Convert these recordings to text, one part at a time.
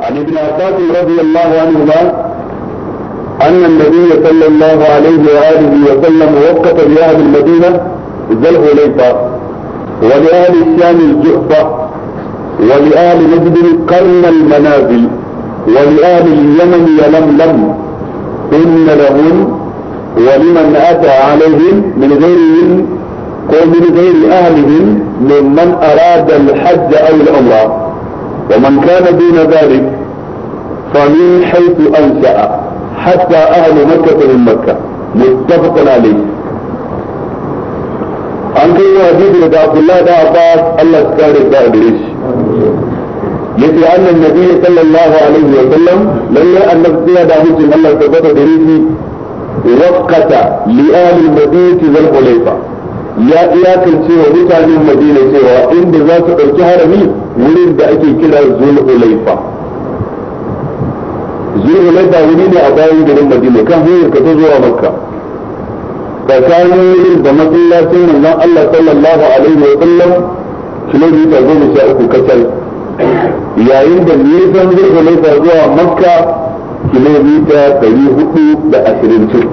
عن ابن عباس رضي الله عنهما أن النبي صلى الله عليه وآله وسلم وقف لأهل المدينة ذل الحليفة ولأهل الشام الجحفة ولأهل نجد قرن المنازل ولأهل اليمن يلملم إن لهم ولمن أتى عليهم من غيرهم ومن غير أهلهم ممن أراد الحج أو العمرة ومن كان دون ذلك فمن حيث أنشأ حتى أهل مكة من مكة متفق عليه an kai wa hadisi da Abdullah da Abbas Allah ya kare da gare shi yace annan nabi sallallahu alaihi wa sallam lalle annabi ya da hujjin Allah ya da rifi waqata li ahli madinati wal hulayfa ya iyakance wa mutanen cewa inda zasu ɗauki harami wurin da ake kira zulhulaifa zulhulaifa wuri ne a bayan garin madina kan hanyar ka ta zuwa makka tsakanin wurin da masallacin manzon Allah sallallahu alaihi wa sallam kilomita goma sha uku kacal yayin da nisan zulhulaifa zuwa makka kilomita dari hudu da ashirin cikin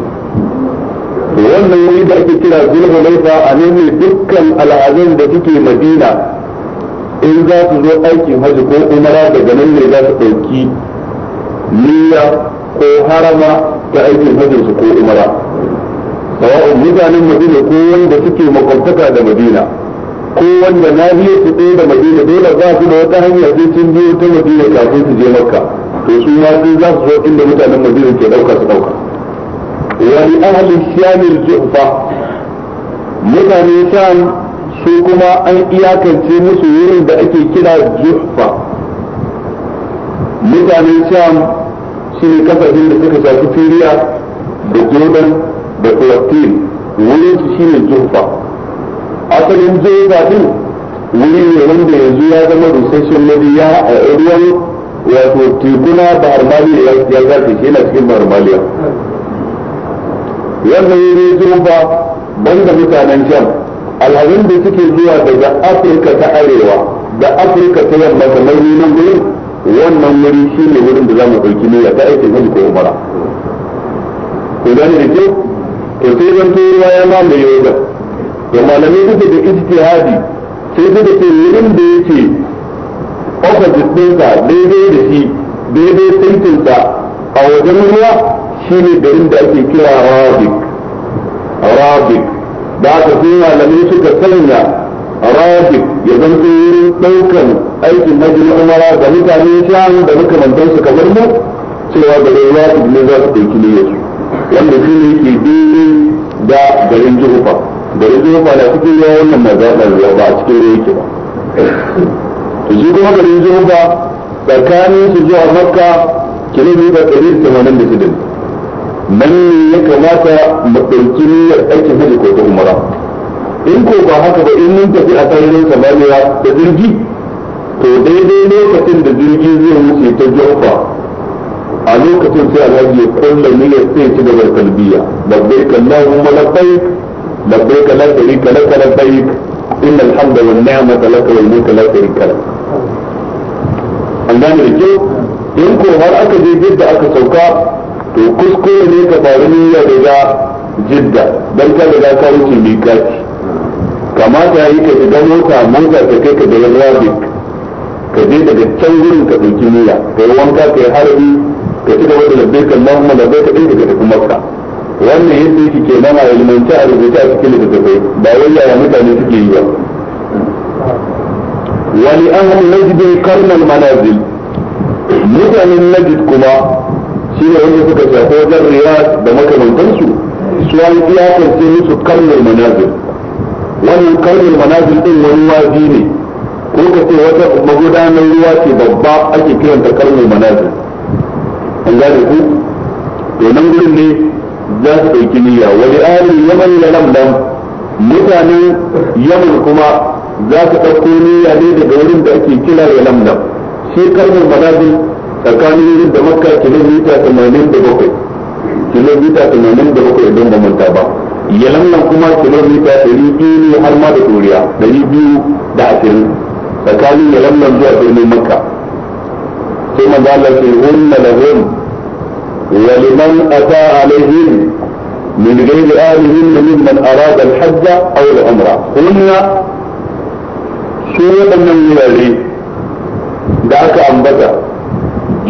wannan wuri da ake kira zulhulaifa a nan ne dukkan al'adun da suke madina in za su zo aikin hajji ko umara daga nan ne za su ɗauki niyya ko harama ta aikin hajji su ko umara sawa'un mutanen madina ko wanda suke makwabtaka da madina ko wanda na nahiyar su ɗaya da madina dole za su da wata hanya sai sun biyo ta madina kafin su je makka to su ma sai za su zo inda mutanen madina ke ɗauka su ɗauka wani ahalin shamil jufa mutane sham su kuma an iyakance musu wurin da ake kira juhfa mutanen sham shi ne kasashen da suka shafi turiya da jordan da palestine wurin su shi ne juhfa asalin juhfa din wuri ne wanda yanzu ya zama rusasshen mabiya a ruwan wato tekuna da armaliya ya zafi shi yana cikin bahar maliya wannan wuri juhfa banda mutanen sham alhazin da suke zuwa daga afirka ta arewa da afirka ta yamma mai nan gurin wannan wuri shi ne wurin da za mu ɗauki niyya ta aikin hajji ko umara ku gane da kyau to sai zan to ruwa ya mamaye wajen to malami duka da ijtihadi sai suka ce wurin da yake opposite ɗinsa daidai da shi daidai saitinsa a wajen ruwa shi ne garin da ake kira rabik rabik da aka fi malamai suka sanya rafi ya zanto wurin ɗaukan aikin hajjin umara da mutane shanu da makamantansu kamar mu cewa da rai rafi ne za su ɗauki niyyarsu wanda shi ne ke daidai da garin jihufa garin jihufa na cikin ruwa wannan na zaɓar ruwa ba a cikin ruwa yake ba to shi kuma garin jihufa tsakanin su zuwa makka kilomita ɗari da tamanin da shida ne nan ne ya kamata mu ɗauki niyyar aikin hajji ko ta umara in ko ba haka ba in mun tafi a sararin samariya da jirgi to daidai lokacin da jirgi zai wuce ta jofa a lokacin sai alhaji ya kulla niyyar sai ci gaba da talbiya labbaik allahumma labbaik labbaik la sharika lak labbaik innal hamda wan ni'mata lak wal mulku la sharika lak an in ko har aka je da aka sauka to kuskure ne ka faru ya riga jidda don ka riga ka wuce mikati kamata yi ka shiga mota mota ta kai ka daga rabik ka je daga can wurin ka ɗauki niyya ka yi wanka ka yi harbi ka ci gaba da labbai ka lamma labbai ka ɗin ka tafi maka wannan yadda yake ke nan a ilmance a rubuta a cikin littattafai ba wai yaya mutane suke yi ba wani an hannun najibin karnan manazil mutanen najid kuma shi ne wanda suka shafi wajen riya da makamantansu su an iyakance musu karnar manazir wannan karnar manazir din wani waji ne ko ka ce wata magudanar ruwa ce babba ake kiranta karnar manazir an gane ku to nan gurin ne za su ɗauki niyya wani ali yaman ya lamlam mutanen yaman kuma za su ɗauko niyya ne daga wurin da ake kira ya lamlam shi karnar manazir tsakanin da makka kilomita tamanin da bakwai kilomita tamanin da bakwai idan ba manta ba yalan nan kuma kilomita ɗari biyu ne har ma da doriya ɗari biyu da ashirin tsakanin yalan nan zuwa birnin makka sai manzo Allah ce hunna lahum wa liman ata alaihim من غير آلهن ممن أراد الحج أو العمرة هن سوء من يلي دعك أنبتا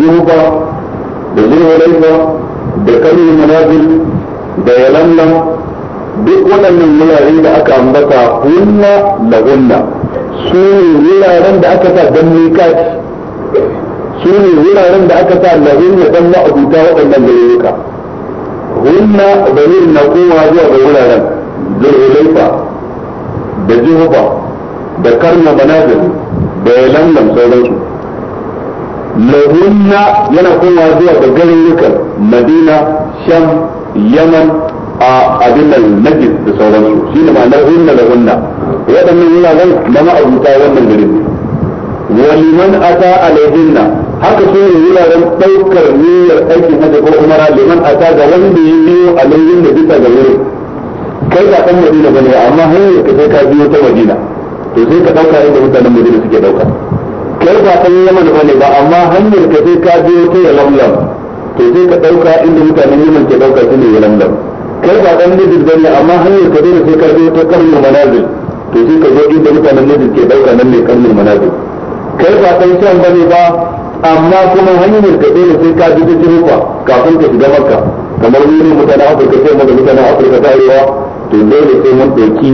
jufa da zulhulaifa da kanu manazil da yalamlam duk waɗannan wurare da aka ambata hunna da hunna su ne wuraren da aka sa don mikati su ne wuraren da aka sa lahunna don ma'abuta waɗannan garuruka hunna da yin na kowa zuwa ga wuraren zulhulaifa da juhufa da karna banazil da yalamlam sauransu lahunna yana komawa zuwa ga garurukan madina sham yaman a abin nan najis da sauransu shi ne ma'anar hunna lahunna waɗannan wuraren na ma'abuta wannan garin waliman ata alaihinna haka su ne wuraren ɗaukar niyyar aikin hajji ko umara liman ata ga wanda ya biyo alaihin da bisa ga wurin kai ba ɗan madina ne amma hanyar ka sai ka biyo ta madina to sai ka ɗauka inda mutanen madina suke ɗauka kai ba kan yaman bane ba amma hanyar ka sai ka biyo ta ya to sai ka ɗauka inda mutanen yaman ke ɗauka su ne ya kai ba kan nijin bane amma hanyar ka dole sai ka biyo ta karnu manazil to sai ka zo inda mutanen nijin ke ɗauka nan ne karnu manazil kai ba kan shan bane ba amma kuma hanyar ka dole sai ka bi ta jirufa kafin ka shiga makka kamar wani mutanen afirka sai mutanen afirka ta arewa to dole sai mun ɗauki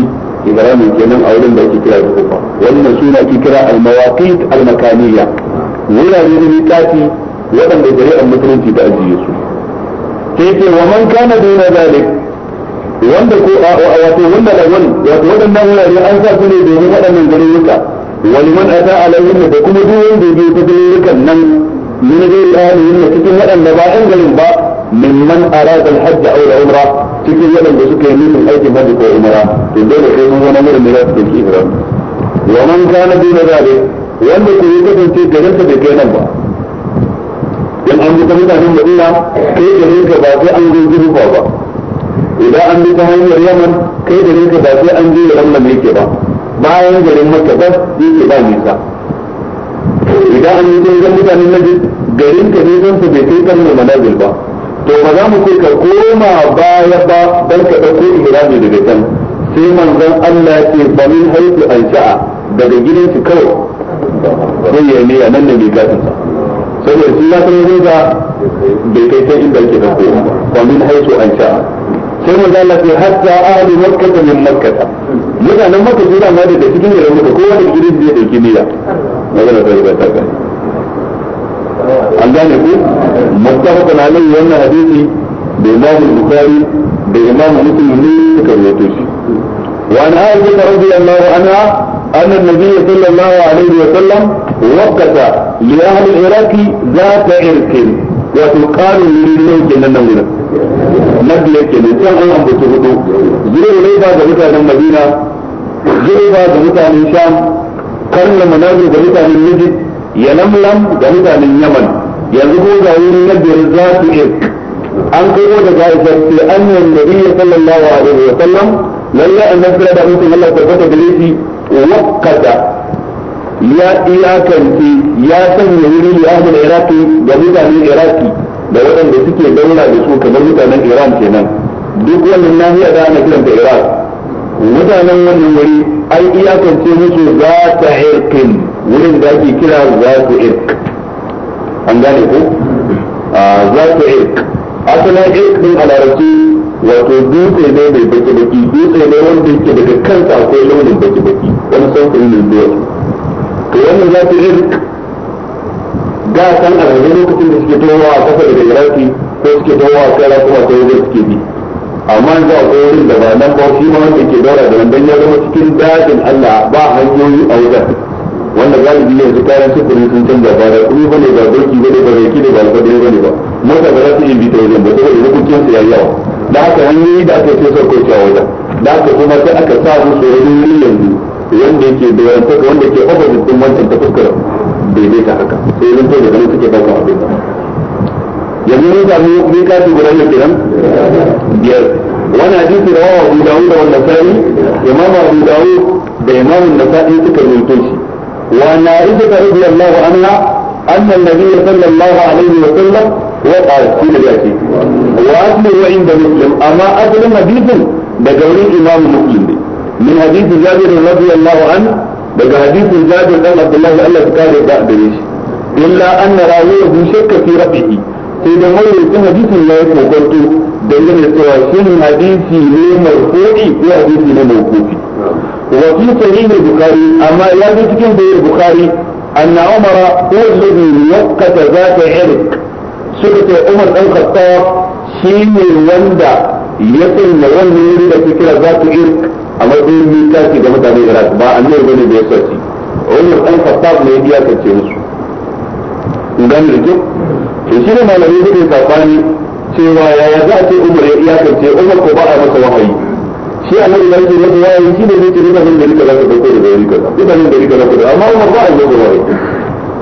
ibrahim kenan a wurin da ake kira da kufa wannan suna ake kira al-mawaqit al-makaniyya wurare ne miƙati waɗanda shari'ar musulunci ta ajiye su sai ce wa man kana duna zalik wanda ko a wato wanda da wani wato waɗannan wurare an sa su ne domin waɗannan garuruka wani man ata alayhim da kuma duk wanda ya biyo ta garurukan nan min gairi ahlihin cikin waɗanda ba ɗan garin ba من من أراد الحج أو العمرة في يلا بسكة من أيدي ملك وعمرة تدور هو ونمر ملاك في الكفرة ومن كان دون ذلك وأن كنت تكون تي جلسة بكين الله يعني أنت تمتع من مدينة كي جلسة باقي أنجل جلسة بابا إذا أنت تهين اليمن كي جلسة باقي أنجل رمى ميكة با باين جلسة مكة بس ميكة با إذا أنت تهين جلسة من مجد جلسة بكين الله منازل to ba za mu ce ka koma baya ba dan ka dauko ihrami daga can sai manzon Allah ya ce ba min an sha'a daga gidan shi kawai sai ya ne nan ne bai kafin sa saboda shi ya san yanzu da bai kai sai inda yake dauko ba min haifi an sha'a sai manzon Allah ya hatta ahli makkah min makkah mutanen makkah su da ma da cikin garin makkah kowa da gidan da yake niyya magana ta ba ta kai an gane ku muttafaqun alayhi wannan hadisi da Imam Bukhari da Imam Muslim ne suka rawaito shi wa an Aisha anha أن النبي صلى الله عليه وسلم وقت لأهل العراق ذات عرق وتقال nan لنا nabiya ke ne can an ambaci hudu zuriyar ba da mutanen madina zuriyar ba da mutanen sham karna manazir da mutanen mijin ya lamlam da mutanen yaman yanzu ko ga wurin na biyar za su ik an kai da ga isa ce annan ya sallallahu alaihi wa sallam lalle annabi da mutum Allah tabbata gare shi da ya iyakanci ya sanya wurin ya ahmad iraki da mutanen iraki da waɗanda suke daura da su kamar mutanen iran kenan duk wannan nahiya da ana kiranta iraq mutanen wannan wuri an iyakance musu za ta irkin wurin da ake kira za ta irk an gane ko za ta irk asalin irk din a larabci wato dutse ne mai baki-baki dutse ne wanda yake daga kansa akwai launin baki-baki wani sauƙin ne zuwa to wannan za ta irk da san a lokacin da suke towa a kasa daga iraki ko suke towa a kai kuma ta wajen suke bi amma za a wurin da ba nan ba shi ma wanda ke daura da wanda ya zama cikin dajin Allah ba hanyoyi a wajen wanda galibi yanzu kayan sufuri sun canza ba da kuma bane ba doki bane ba reki ne ba alfadari bane ba mota ba za su yi bita wajen ba saboda rukukin su yayi yawa da haka hanyoyi da aka sai sauko a wajen da haka kuma sai aka sa su wani yanzu wanda yake da wanda ke opposite din wancan ta fuskar ta haka sai zan da ganin suke daukar abin yanzu mun samu mikati guda ne kenan biyar wani hadisi rawahu Abu Dawud wa Nasa'i Imam Abu Dawud da Imam Nasa'i suka rawaito shi wa Na'isha radiyallahu anha anna an-nabiy sallallahu alaihi wa sallam وقع في رجاته وأصله عند مسلم أما أصل حديث بقول إمام مسلم من حديث جابر رضي الله عنه بقى حديث جابر بن عبد الله ألا تكاد بعد إلا أن راويه شك في ربه في دمويه في حديث لا يتوقعته dangane da cewa shin hadisi ne marfu'i ko hadisi ne mawqufi wa fi sahih al-bukhari amma ya zo cikin sahih al-bukhari anna umara huwa alladhi yaqqata zata irq suka ce umar dan khattab shi ne wanda ya sanya wannan wuri da ke kira zata irq a matsayin mikaki ga mutane da ba annabi bane da ya sace umar dan khattab ne ya iyakance musu gane da kyau to shi ne malamai suke sabani cewa yaya za a ce umar ya iyakance umar ko ba a masa wahayi shi annabi da yake masa wahayi shi ne zai ce mutanen gari kaza ka dauko daga gari kaza mutanen gari kaza ka amma umar ba a masa wahayi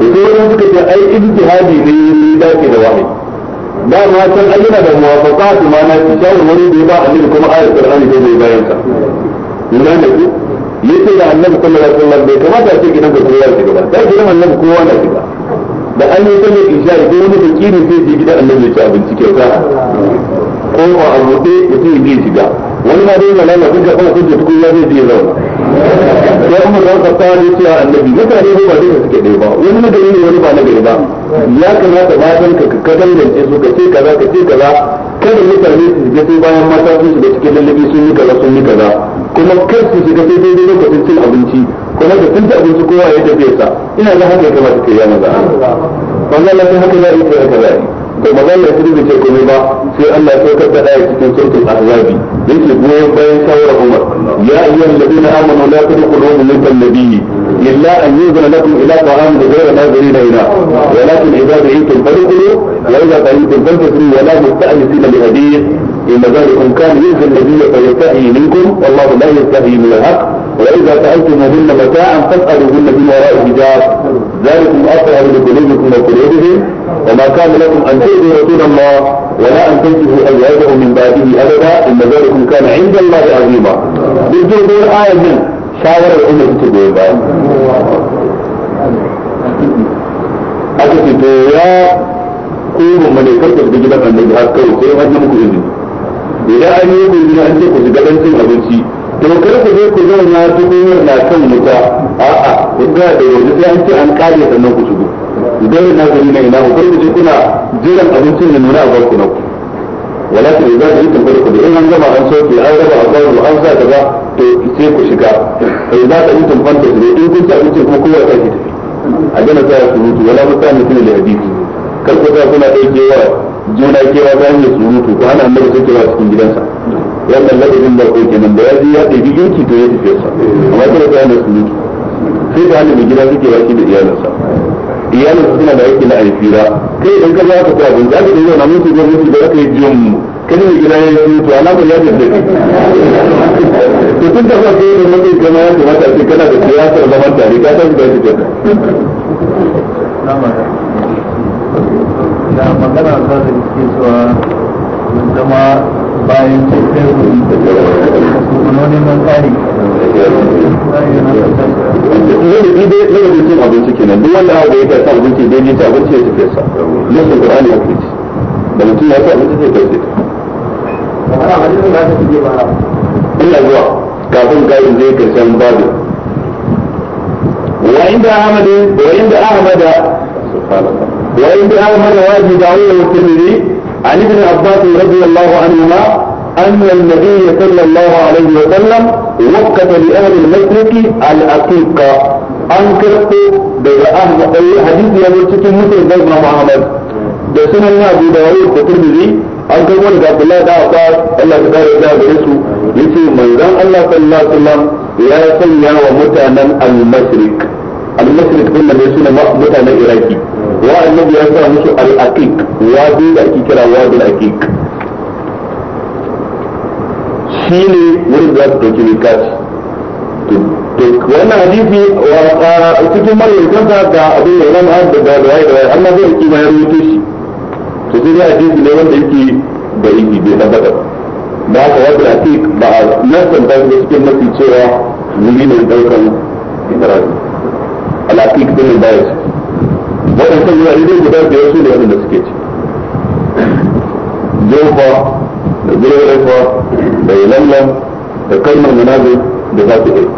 to sai wani suka ce ai ijtihadi ne ya dace da wahayi dama can ai yana da muwafaqat ma na ci shawarwari da ya ba annabi kuma ayar qur'ani ta bai bayan sa ina ne ku yace da annabi sallallahu alaihi wasallam bai kamata a ce gidan ka kowa ya shiga ba sai gidan annabi kowa na shiga da an yi sallar isha ko wani fakiri sai je gidan annabi ya ci abinci kyauta ko a abuɗe mutum ya je shiga wani ma dai malama sun ga kuma kun da tukun ya zai je zauna sai umar da ka fara ne a annabi mutane ba dai ba suke ɗaya ba wani na gari ne wani ba na gari ba ya kamata zan ka ka dangance su ka ce kaza ka ce kaza kada mutane su je sai bayan mata sun shiga cikin lallabi sun yi kaza sun yi kaza kuma kar su shiga sai dai lokacin cin abinci kuma da cin abinci kowa ya tafi sa ina ga haka kamar ta ya maza manzo Allah sai haka zai yi haka zai da manzo Allah sai bai ce komai ba sai Allah ya saukar da ayat cikin suratul ahzabi yake goyon bayan shawara Umar ya ayyuhal ladina amanu la tadkhulu buyutan nabiyyi illa an yuzana lakum ila ta'amin ghayra nazirina ila walakin idza da'itum fadkhulu wa idza da'itum fantasru wa la amince li hadith إن ذلكم كان يؤذي النبي فيستحي منكم والله لا يستحي من الحق وإذا سالتم هن متاعا فاسألوهن من وراء الحجاب ذلكم أطهر لقلوبكم وقلوبهم وما كان لكم أن تؤذوا رسول الله ولا أن تنكحوا أزواجه من بعده أبدا إن ذلكم كان عند الله عظيما. بالجوع دور آية من شاور الأمة تدور aka ce to كونوا kuma mane karkar da gidan annabi har idan an yi ku an ce ku shiga dancin abinci to kar ku je ku zauna tukunyar na kan wuta a'a ku ga da yanzu sai an ce an kare sannan ku shigo idan na gari na ina ku kar ku je kuna jiran abincin da nuna a barku na ku za a yi tambar ku da in an gama an soke an raba a kawo an sa kaza to sai ku shiga idan da tambar da zai in kun ci abincin kuma kowa ya tafi a dana sa su mutu wala mutane ne da hadisi kar ku sa kuna wa. juna kewa ta hanyar surutu ko ana da sai wasu cikin gidansa wannan ladabin da ko kenan da ya ji ya ɗebi yanki to ya tafi sa amma kada ta hanyar surutu sai da hanyar gida suke wasu da iyalinsa iyalinsa suna da yake na alfira kai idan ka za ka ko abin za ka da yau na musu zai musu da kai yi mu kan ne gida ya yi to alamar ya da dai to tun da farko ne mutum kana ya kamata a ce kana da siyasar zaman tare ka san da shi kenan da magana ta da ke mun zama bayan ce kai da kuma neman tsari ne dai zai da cin abinci kenan duk wanda aka yi ka sa abinci dai ne ta abinci ya tafi sa lokacin qur'ani ya fice da mutum ya sa abinci zai kai sai ina zuwa kafin kayan zai san babu wa inda Ahmadu. wa inda subhanallah وإن في آخر رواية داوود والترمذي عن ابن عباس رضي الله عنهما أن النبي صلى الله عليه وسلم وقت لأهل المشرق الأقيقة أنكرت بين أهل أي حديث يقول ستون مثل زيد بن محمد بسنة أبو داوود والترمذي أن تقول عبد الله بن عباس ألا تقال إلا برسو يقول من ذا الله صلى الله عليه وسلم لا يصنع ومتأمن المشرك al-mushrik ne suna mutanen iraki wa annabi ya sa musu al-aqiq da ake kira al-aqiq shine wurin da to wannan hadisi wa cikin ga abin da da da wai da wai amma zai shi to sai hadisi ne wanda yake da yake da tabbata ba ka wadi al-aqiq ba nan da mafi cewa ne daukan ibrahim alaƙiƙ ɗin da ya su waɗansu yare ne guda biyar su ne waɗanda suke ci jofa da zurfa da ilallam da kalmar munazir da za su ɗaya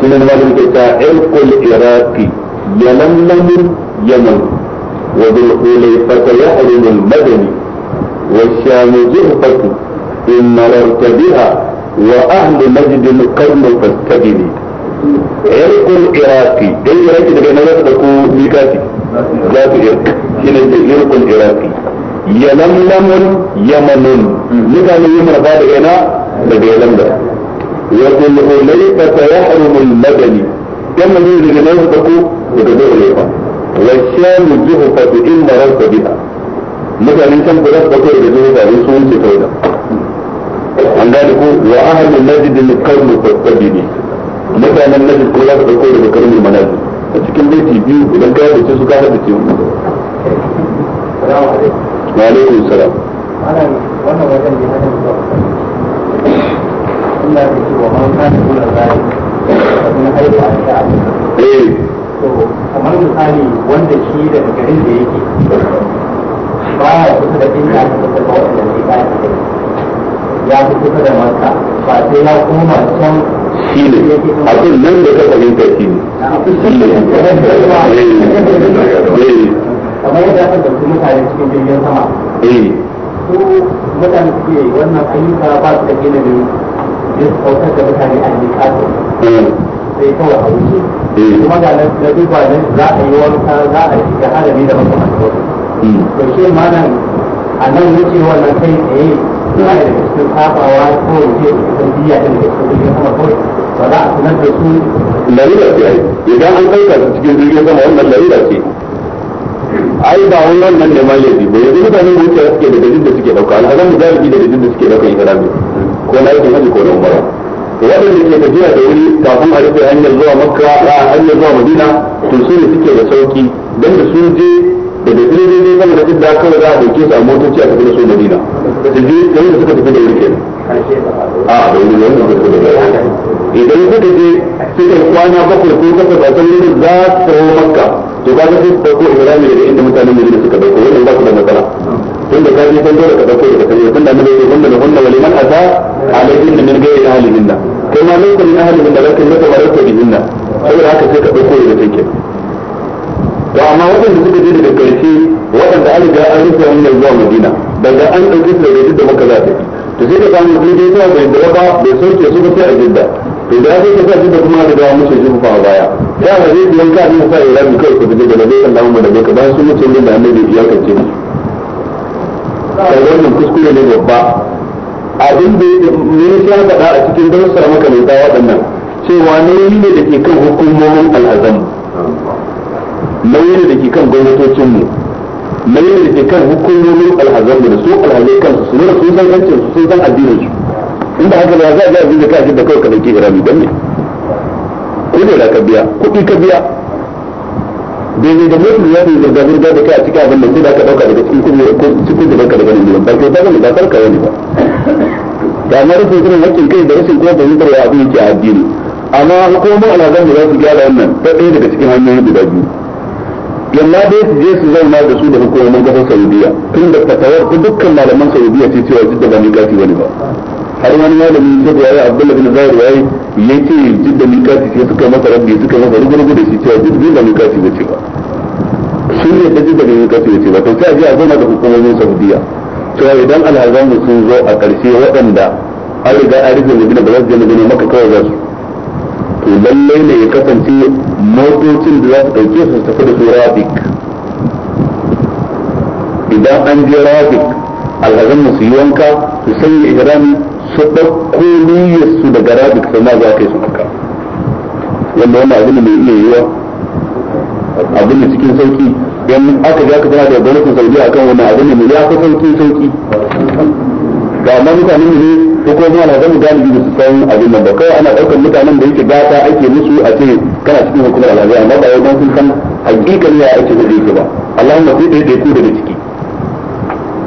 shi ne malamin ke ta ɗaukul iraki yalallamin yaman wa zulhulaifata ya harimul madani wa shamu zuhfatu in mararta biha wa ahlu najdin karnu fastabili yarkul iraqi dan iraqi daga nan zaka dauko mikati za ku irk shine da yarkul iraqi yalamlamun yamanun mutane yamma ba da ina daga yalamda yakul ulayka sayahrumu al-madani dan mun yi daga nan zaka dauko daga ulayka wa shamu juhfa in ba za su dauko da juhfa ba sun ce kawai an gane ko wa ahlul najd al-qawm fastabini mutanen nabi ko za ka daga karni a cikin baiti biyu idan ka su ka hada ce mu wa alaikum salam wannan wajen ne zuwa da man kula zai kuma a sha eh to kamar misali wanda shi daga garin da yake ba ya kusa da inda aka da wanda yi ba ya ya fi kusa da makka ba sai ya koma can shi ne abin nan da ka fahimta shi ne eh. Eh. kamar yadda aka ɗauki mutane cikin jirgin sama eh. su mutane suke wannan ayyuka ba su da ilimin diskautar da mutane a yi kasu. sai kawai a wuce kuma ga nan da duk wani za a yi wanka za a yi da harami da makamantar hmm. to shi ma nan a nan wuce wannan kai tsaye suna da cikin kafawa ko yake cikin biya da ke cikin sama kawai ba za a sanar da su larira ce ai idan an ɗauka su cikin jirgin sama wannan larira ce ai ba wai wannan ne ma laifi ba yanzu mutane da wuce suke da dalilin da suke dauka alhazan mu galibi da dalilin da suke ɗauka ihrami ko na aikin hajji ko na umara waɗanda ke tafiya da wuri kafin a rufe hanyar zuwa makka a hanyar zuwa madina to su ne suke da sauki don da sun je da da kuma dai dai da duk da kawai za a dauke su a motoci a tafi da su Madina da dai da suka tafi da wuri kenan a da wuri da suka tafi da wuri idan suka je suka kwana bakwai ko kasa ba san wurin za su tawo makka to ba za su dauko ibrahim daga inda mutanen Madina suka dauko wannan ba su da matsala tunda ka je san dole ka dauko daga kan tunda annabi ya banda da hunna waliman asa alaihin min gairi ahli minna kai ma lokacin ahli minna lakin da ta ta tabaraka bihinna saboda haka sai ka dauko daga take wa amma waɗanda suka je daga karshe waɗanda an riga an rufe hanyar zuwa madina daga an ɗauki su daga jidda maka za ta to sai da ba sun je zuwa bai da ba bai sauke su ba sai a jidda to da sai ka jidda kuma da dawa musu shi a baya ya ba zai biyan ka ne sai ya bi kai ku je da bai kan mu da bai ka ba su mutum da annabi ya kace mu sai wannan kuskure ne babba abin da ne ya faɗa a cikin darussa maka ne ta waɗannan cewa ne ne da ke kan hukumomin al'azam nauyin da ke kan gwamnatocin mu nauyin da ke kan hukumomin alhazan da su alhazai kansu su nuna sun san kancin su sun san addinin su inda haka ba za a ji abin da ka shi da kawai ka dauki irami ba ne kuɗi da ka biya kuɗi ka biya daidai da mutum ya fi zirga zirga da kai a cikin abin da sai da aka ɗauka daga cikin kuɗi ko cikin da ka daga nan ba ke ba ne ba sarka wani ba da amma rufin suna hakkin kai da rashin kuma fahimtar ya abin yake addini amma hukumar alhazan da za su gyara wannan ta ɗaya daga cikin hanyoyi guda biyu yamma dai su je su zauna da su da hukumomin kasar saudiya tun da fatawar ta dukkan malaman saudiya ce cewa jidda ba miƙati wani ba har wani malami da ya yi abdullahi bin zahir ya yi ce jidda miƙati ce suka masa rabbi suka masa rugurugu da shi cewa jidda ba miƙati bace ba sun yadda jidda ba miƙati bace ba to sai a je a zauna da hukumomin saudiya cewa idan alhazan sun zo a ƙarshe waɗanda an riga an rufe madina ba za su je madina maka kawai za su to lallai ne ya kasance motocin da za su ɗauke su tafi da su rafik idan an je rafik alhazan su yi wanka su sanya ihrami su ɗauko niyyar su daga rafik sai ma za ka yi su maka wanda wannan abin da mai iya yiwa abin da cikin sauki yan aka ga ka tana da gwamnatin saudiya akan wannan abin ne mai ya fi sauki sauki ga amma mutanen mu ne ko ko zuwa na zama galibi da su san abin nan ba kawai ana daukar mutanen da yake gata ake musu a ce kana cikin hukumar alhaji amma ba wai don sun san hakikani ya ake da yake ba Allahumma sai dai dai ku daga ciki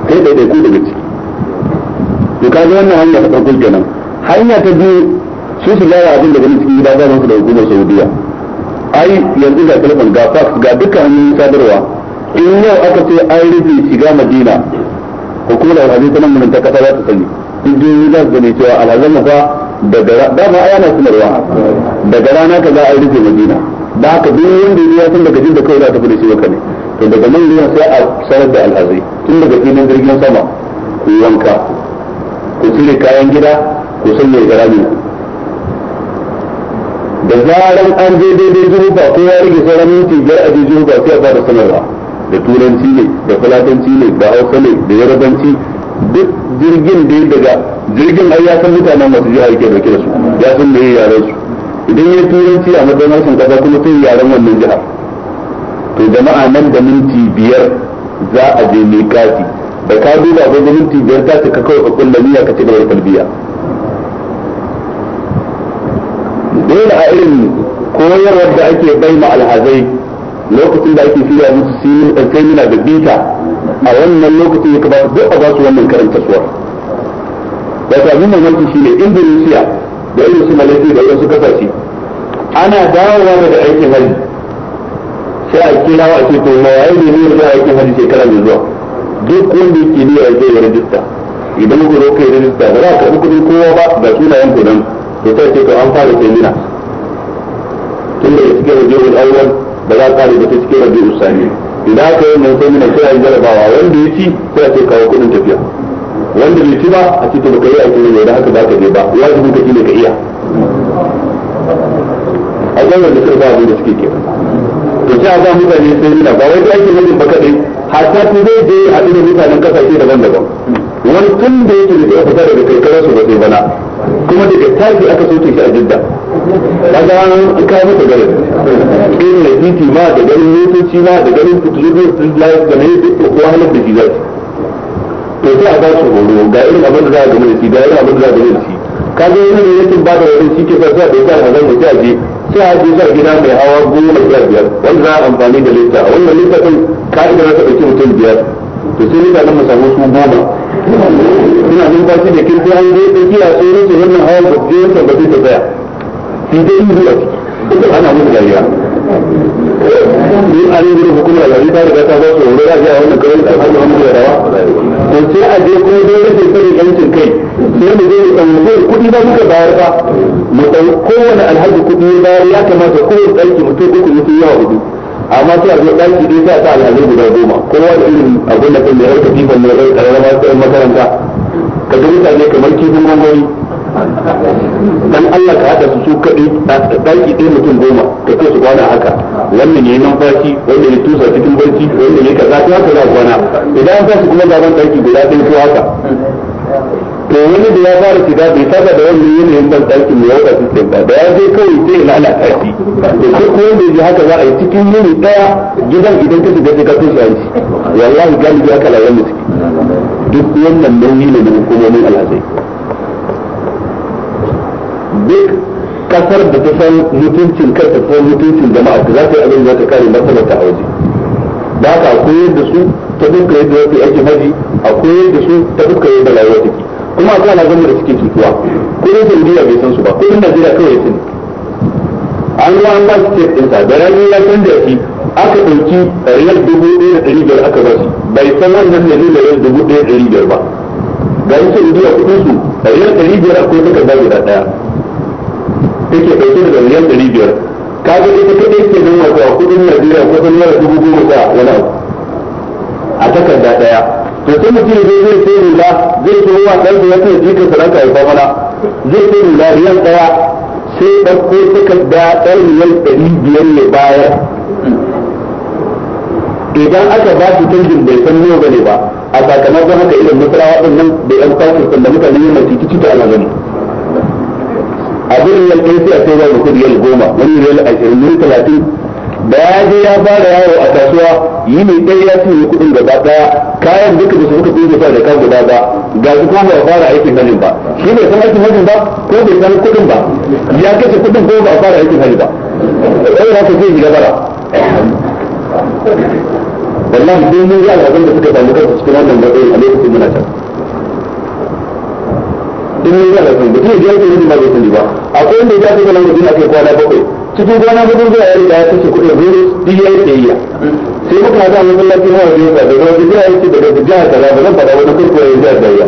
sai dai dai ku daga ciki to kaga wannan hanya ta farko kenan hanya ta biyu su su gawa abin da ganin cikin gida za su da hukumar Saudiya ai yanzu ga telefon ga fax ga dukkan hanyoyin sadarwa in yau aka ce an rufe shiga Madina hukumar alhaji ta nan mun ta kasa za ta sani kungiyoyi za su gane cewa alhazan mafa daga dama ai ana sanarwa daga rana ka za a yi rufe madina da haka duk wanda ya san daga jin da kawai za ta fi da shi maka ne to daga nan ne sai a sanar da alhazai tun daga filin jirgin sama ku wanka ku cire kayan gida ku sanya garami da zaran an je daidai juhuba ko ya rage sauran minti biyar a je juhuba sai a bada sanarwa da turanci ne da fulatanci ne da hausa ne da yarabanci duk jirgin da daga jirgin ai ya san mutanen masu jiha ke dauke da su ya san me yaran su idan ya turanci a matsayin harshen kasa kuma sun yaran wannan jihar to jama'a nan da minti biyar za a je kati da ka duba ko da minti biyar ta ce ka kawai ka kulla niyya ka ci da wata biya. dole a irin koyarwar da ake bai ma alhazai lokacin da ake fiya musu sinin muna da bita a wannan lokacin ya kaba duk a ba su wannan karanta suwa da ta abin mamaki shi ne indonesia da irin su malaysia da su kasashe ana dawowa daga aikin hajji sai a kira wa ake to ma yayi ne ne da aikin hajji shekara mai zuwa duk wanda yake ne ya zai ya rajista idan ku zo kai rajista ba za ka karɓi kuɗin kowa ba ga sunayen ku nan to sai ce to an fara sai mina tun da cikin rabi'ul auren ba za ka kare ba ta cikin rabi'ul sani Ina aka yi mai sai muna kira jarabawa wanda ya ci sai a ce kawo kuɗin tafiya wanda bai ci ba a ce to baka yi aiki ne da haka ba ka je ba wajibin ka ne ka iya a gwamnati da suka ba abin da suke ke. to sai a ba mutane sai nuna, ba wai aikin ne ba kaɗai hatta su zai je a ɗin mutanen kasashe daban-daban wani tun da yake da ya fita daga karkara su ba sai bana kuma daga tashi aka so shi a jidda kaga an kawo masa garin irin da titi ma da garin motoci ma da garin fitilu sun lafi da mai duk wahalar da shi zai to sai a ba su horo ga irin abin da za a gama da shi ga irin abin da za a gani da shi ga ne ne yakin ba da wani shi ke sa sai a ɗauki alhazan da sai a je sai a je sa gida mai hawa goma sha biyar wanda za a amfani da lita wannan lita ɗin ka'idar ta ɗauki mutum biyar to sai lita ɗin mu samu su goma suna numfashi da kirki an zai ta kiya tsoro su wannan hawan babbe wanda ba zai ta tsaya shi dai yi zuwa ana musu dariya ni an yi gudu hukumar alhari ta riga ta ba su horo rafi a wannan kawai da alhamdu hannu da rawa to sai a je kuma dai rage sanin yancin kai sai mu je mu ɗauko kuɗi ba muka bayar ba mu ɗauko kowane alhaji kuɗi bayar ya kamata kowane ɗauki mutum uku mutum yawa hudu amma sai a zo ɗaki dai sai a sa alhazai guda goma kowa da irin abin da mai da yarka mai da yarka karama sai makaranta ka ga mutane kamar kifin gwangwani dan Allah ka haɗa su su kaɗai ɗaki ɗaya mutum goma ka ce su kwana haka wannan ne nan fashi wannan ne tusa cikin barci wannan ne kaza ta haka za kwana idan an sa su kuma gaban ɗaki guda ɗaya ko haka to wani da ya fara shiga bai saba da wannan yanayin ban daki mai yawa cikin ba da ya je kawai sai lalata shi to duk wanda ya ji haka za a yi cikin yini daya gidan idan ka shiga shiga sun shi wallahi galibi haka lawan da ciki duk wannan nauyi ne da hukumomin alhazai duk kasar da ta san mutuncin kai ta ko mutuncin jama'a za ta yi abin da ta kare matsalar ta a waje ba ka koyar da su ta dukkan yadda za su yi aikin a koyar da su ta dukkan yadda rayuwa take kuma akwai zama da suke cutuwa kudin saudiya bai san su ba kudin najeriya kawai ya sani an zo an ba su ce ɗinsa da rani ya san da shi aka ɗauki riyal dubu ɗaya da ɗari biyar aka ba shi bai san wannan ne ne riyal dubu ɗaya da ɗari biyar ba ga yi saudiya kudin su riyal ɗari biyar akwai takarda guda ɗaya take ɗauke da riyal ɗari biyar ga ita kadai ke nan wato a kudin Najeriya kusan naira dubu goma sha wani abu a takarda daya to sai mutum ya zai zai sai rila zai sai wa ɗan da ya sai jika su ranka ya famana zai sai rila riyan ɗaya sai ɗauko takarda ɗan riyan ɗari biyar ya bayar idan aka ba shi canjin bai san yau bane ba a sakamakon haka irin masarawa ɗin nan da ƴan kwakwasan da mutane yana cikici ta alazani abin riyal ɗaya sai a sai ba mutum riyal goma wani riyal ashirin riyal talatin da ya je ya fara yawo a kasuwa yi ne ɗaya ya cinye kuɗin gaba ɗaya kayan duka da su suka tsinke sa da kan guda ba ga su kuma ba fara aikin hannun ba shi bai san aikin hannun ba ko bai san kuɗin ba ya kashe kuɗin ko ba fara aikin hannun ba sai ya kace shi gaba wallahi sai mun yi al'adun da suka samu kansu cikin wannan matsayin a lokacin muna can duk mun yi al'adun da kuma jiya ke yi ba zai sani ba akwai wanda ya ce ga nan da dina ke kwana bakwai cikin gona hudu zuwa ya riga ya kashe kuɗi yanzu duk ya yi tsayayya sai muka haɗa wani mallakin hawa ne ba daga da jiya yake daga jiya kaza ba zan faɗa wani kurkuwa ya jiya tsayayya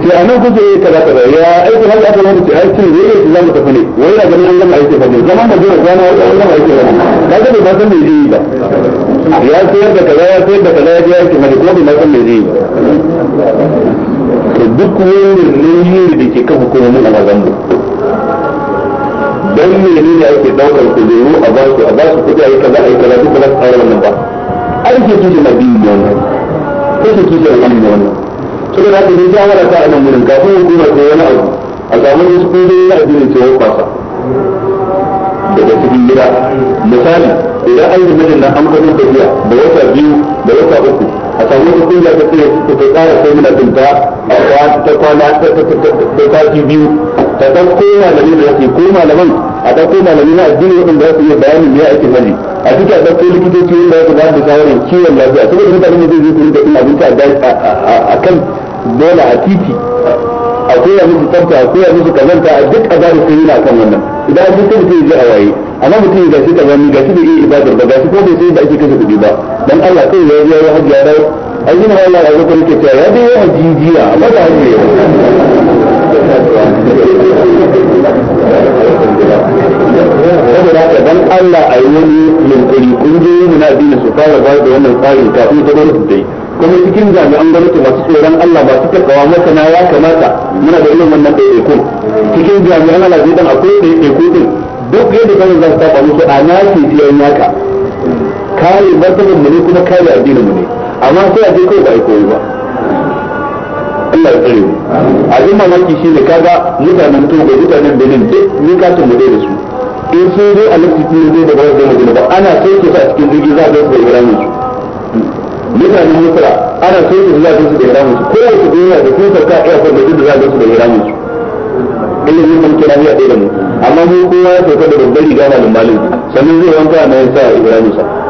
sai a nan kuke yi kaza kaza ya aiki haka aka wani ce aiki ne yake za mu tafi ne wai na ganin an gama aiki ba ne zaman da zuwa gona wani an gama aiki ba ne ka ga bai san me zai ba ya sayar da kaza ya sayar da kaza ya je aiki mai kuma bai ma san me zai ba duk wani ne da ke kafa kuma mun a mazan mu dan mene ne ake daukar kujeru a ba su a ba su a yi kaza a yi kaza duka za su kawo wannan ba aiki kike na biyu ne wannan kike kike na biyu ne wannan saboda haka ne shawara ta anan wurin kafin hukuma ta wani abu a samu wasu kungiyoyi na addini ce wa kwasa daga cikin gida misali idan an yi mijin na an fadin tafiya da wata biyu da wata uku a samu wata kungiya ta ce ta tsara sai muna tunta a ta kwana ta kwanaki biyu ta ɗauko malami da yake ko malaman a ɗauko malami na addini waɗanda za su iya bayani me ake sani a cikin a ɗauko likitoci wanda za su ba da shawarar kiwon lafiya saboda mutane ne zai je da ina cin abinci a kan bola a titi a koya musu tsafta a koya musu kazanta a duk azari sun yana kan wannan idan an fito mutum ya a waye amma mutum ga shi kazani ga shi da yi ibadar ba ga shi ko bai sai da ake kashe kuɗi ba dan Allah kai ya yi hajji ya dawo ayyuna Allah ya zo kare ke cewa ya dai yi hajji jiya amma da hajji saboda haka dan Allah a yi wani yankari kungiyoyi addini su fara ba da wannan tsarin kafin ta gwamnati dai kuma cikin jami'an gwamnati masu tsoron Allah masu masa masana ya kamata muna da irin wannan ɗaiɗaiku cikin jami'an Allah zai dan akwai ɗaiɗaiku din duk yadda kawai zan su taɓa musu a ke siyan yaka kare martabar mu ne kuma kare addinin mu ne amma sai a je kawai ba a yi koyi ba Allah ya tsare mu abin mamaki shi ne kaga mutanen Togo mutanen Benin duk ni ka mu da su in sun zo a lokacin ne da ba da mu ba ana sai ke sa cikin jirgi za ga su da su mutanen mutara ana sai ke za ga su da Ibrahim ko wace duniya da sun sarka a fa da duk za ga su da su ilimin mun kira ya da mu amma mu kowa ya sauka da babbar riga malin malin sannan zai wanka na yasa Ibrahim sa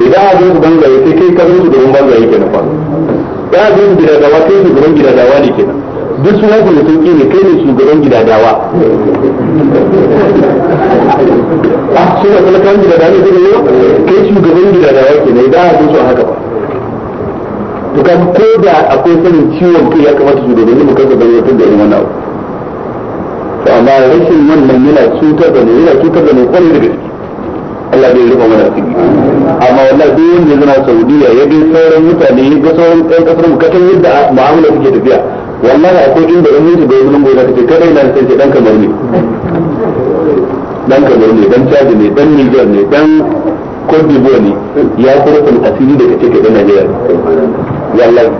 idan abin su bangaye sai kai ka kai ne kenan duk su da ne kai ne ah, kai idan haka ba ko da akwai sanin ciwon kai ya kamata mu da wannan abu amma rashin wannan yana cutar da mu yana cutar da mu kwarai da gaske Allah bai rufe mana asiri amma wallahi duk wanda yana Saudiya ya bi sauran mutane ya ga sauran ɗan kasar mu kakan yadda mu'amala take tafiya wallahi akwai inda in mutu bai zulun da kace kada ina sai dan kamar ne dan kamar ne dan Chad ne dan Niger ne dan Cote d'Ivoire ne ya furta asiri da kace kai dan Najeriya wallahi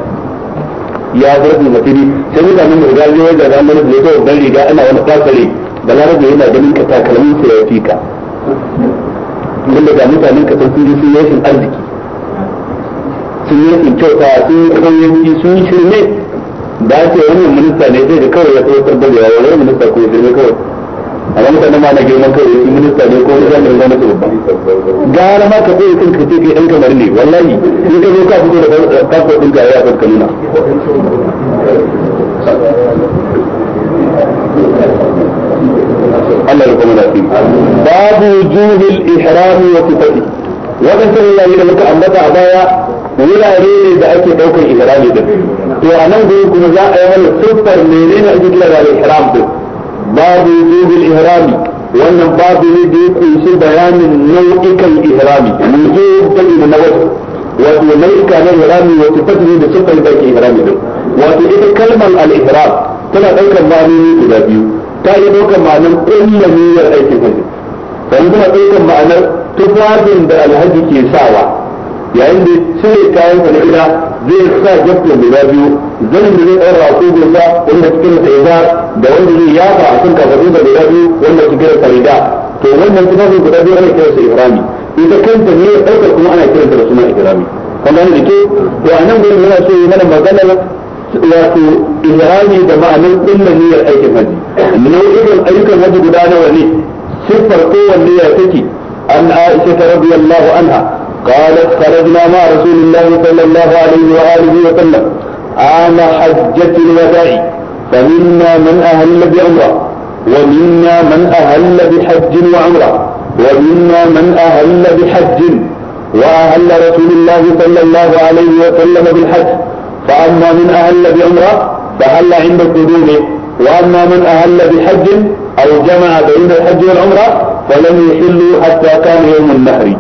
ya furta asiri sai mutane da gaji wanda da mana da kawai dan riga ana wani kasare balarabe yana ganin ka takalmin sa ya fika wanda ga mutanen ka sun yi sun yi arziki sun yi sun kyauta sun yi kauyanci sun yi shirme da ake wannan minista ne zai da kawai ya tsawatar da yawa wani minista ko ya shirme kawai a wani mutanen ma na girman kawai shi minista ne ko ya zama zama su babban gara ma ka tsaye sun kace kai ɗan kamar ne wallahi in ka zo ka fito da kafa ɗinka ya fuska nuna باب وجوه الاحرام وصفته وقت الله يقول لك ان بدا ولا يريد ذلك دوك الاحرام ده تو انا بقول لكم لا اول سوبر مينين اجيب لك الاحرام ده باب وجوه الاحرام وان باب يدي في بيان نوع الاحرام وجوه الدم النوت وهو ملك على الاحرام وصفته بسوبر ذلك الاحرام ده وتجد كلمه الاحرام تبقى ذلك المعنى في ذلك ta yi ɗaukar ma'anar ƙulla niyyar aikin hajji don kuma ɗaukar ma'anar tufafin da alhaji ke sawa yayin da cire kayan sa gida zai sa gyafto guda biyu zanin da zai ɗaura a kogonsa wanda cikin sa ya da wanda zai yafa a kan kafafin da guda biyu wanda cikin sa ya to wannan tufafin guda biyu ana kiransa ihrami ita kanta ne ɗaukar kuma ana kiransa da suna ihrami kuma da ke to a nan gurin yana so yi mana maganar wato ihrami da ma'anar ƙulla niyyar aikin hajji ne irin ayyukan haji guda nawa ne siffar kowanne ya take an aisha radiyallahu anha قالت خرجنا مع رسول الله صلى الله عليه وآله وسلم عام حجة الوداع فمنا من أهل بعمرة ومنا من أهل بحج وعمرة ومنا من أهل بحج وأهل رسول الله صلى الله عليه وسلم بالحج فأما من أهل بعمرة فهل عند قدومه وأما من أهل بحج أو جمع بين الحج والعمرة فلم يحلوا حتى كان يوم النهر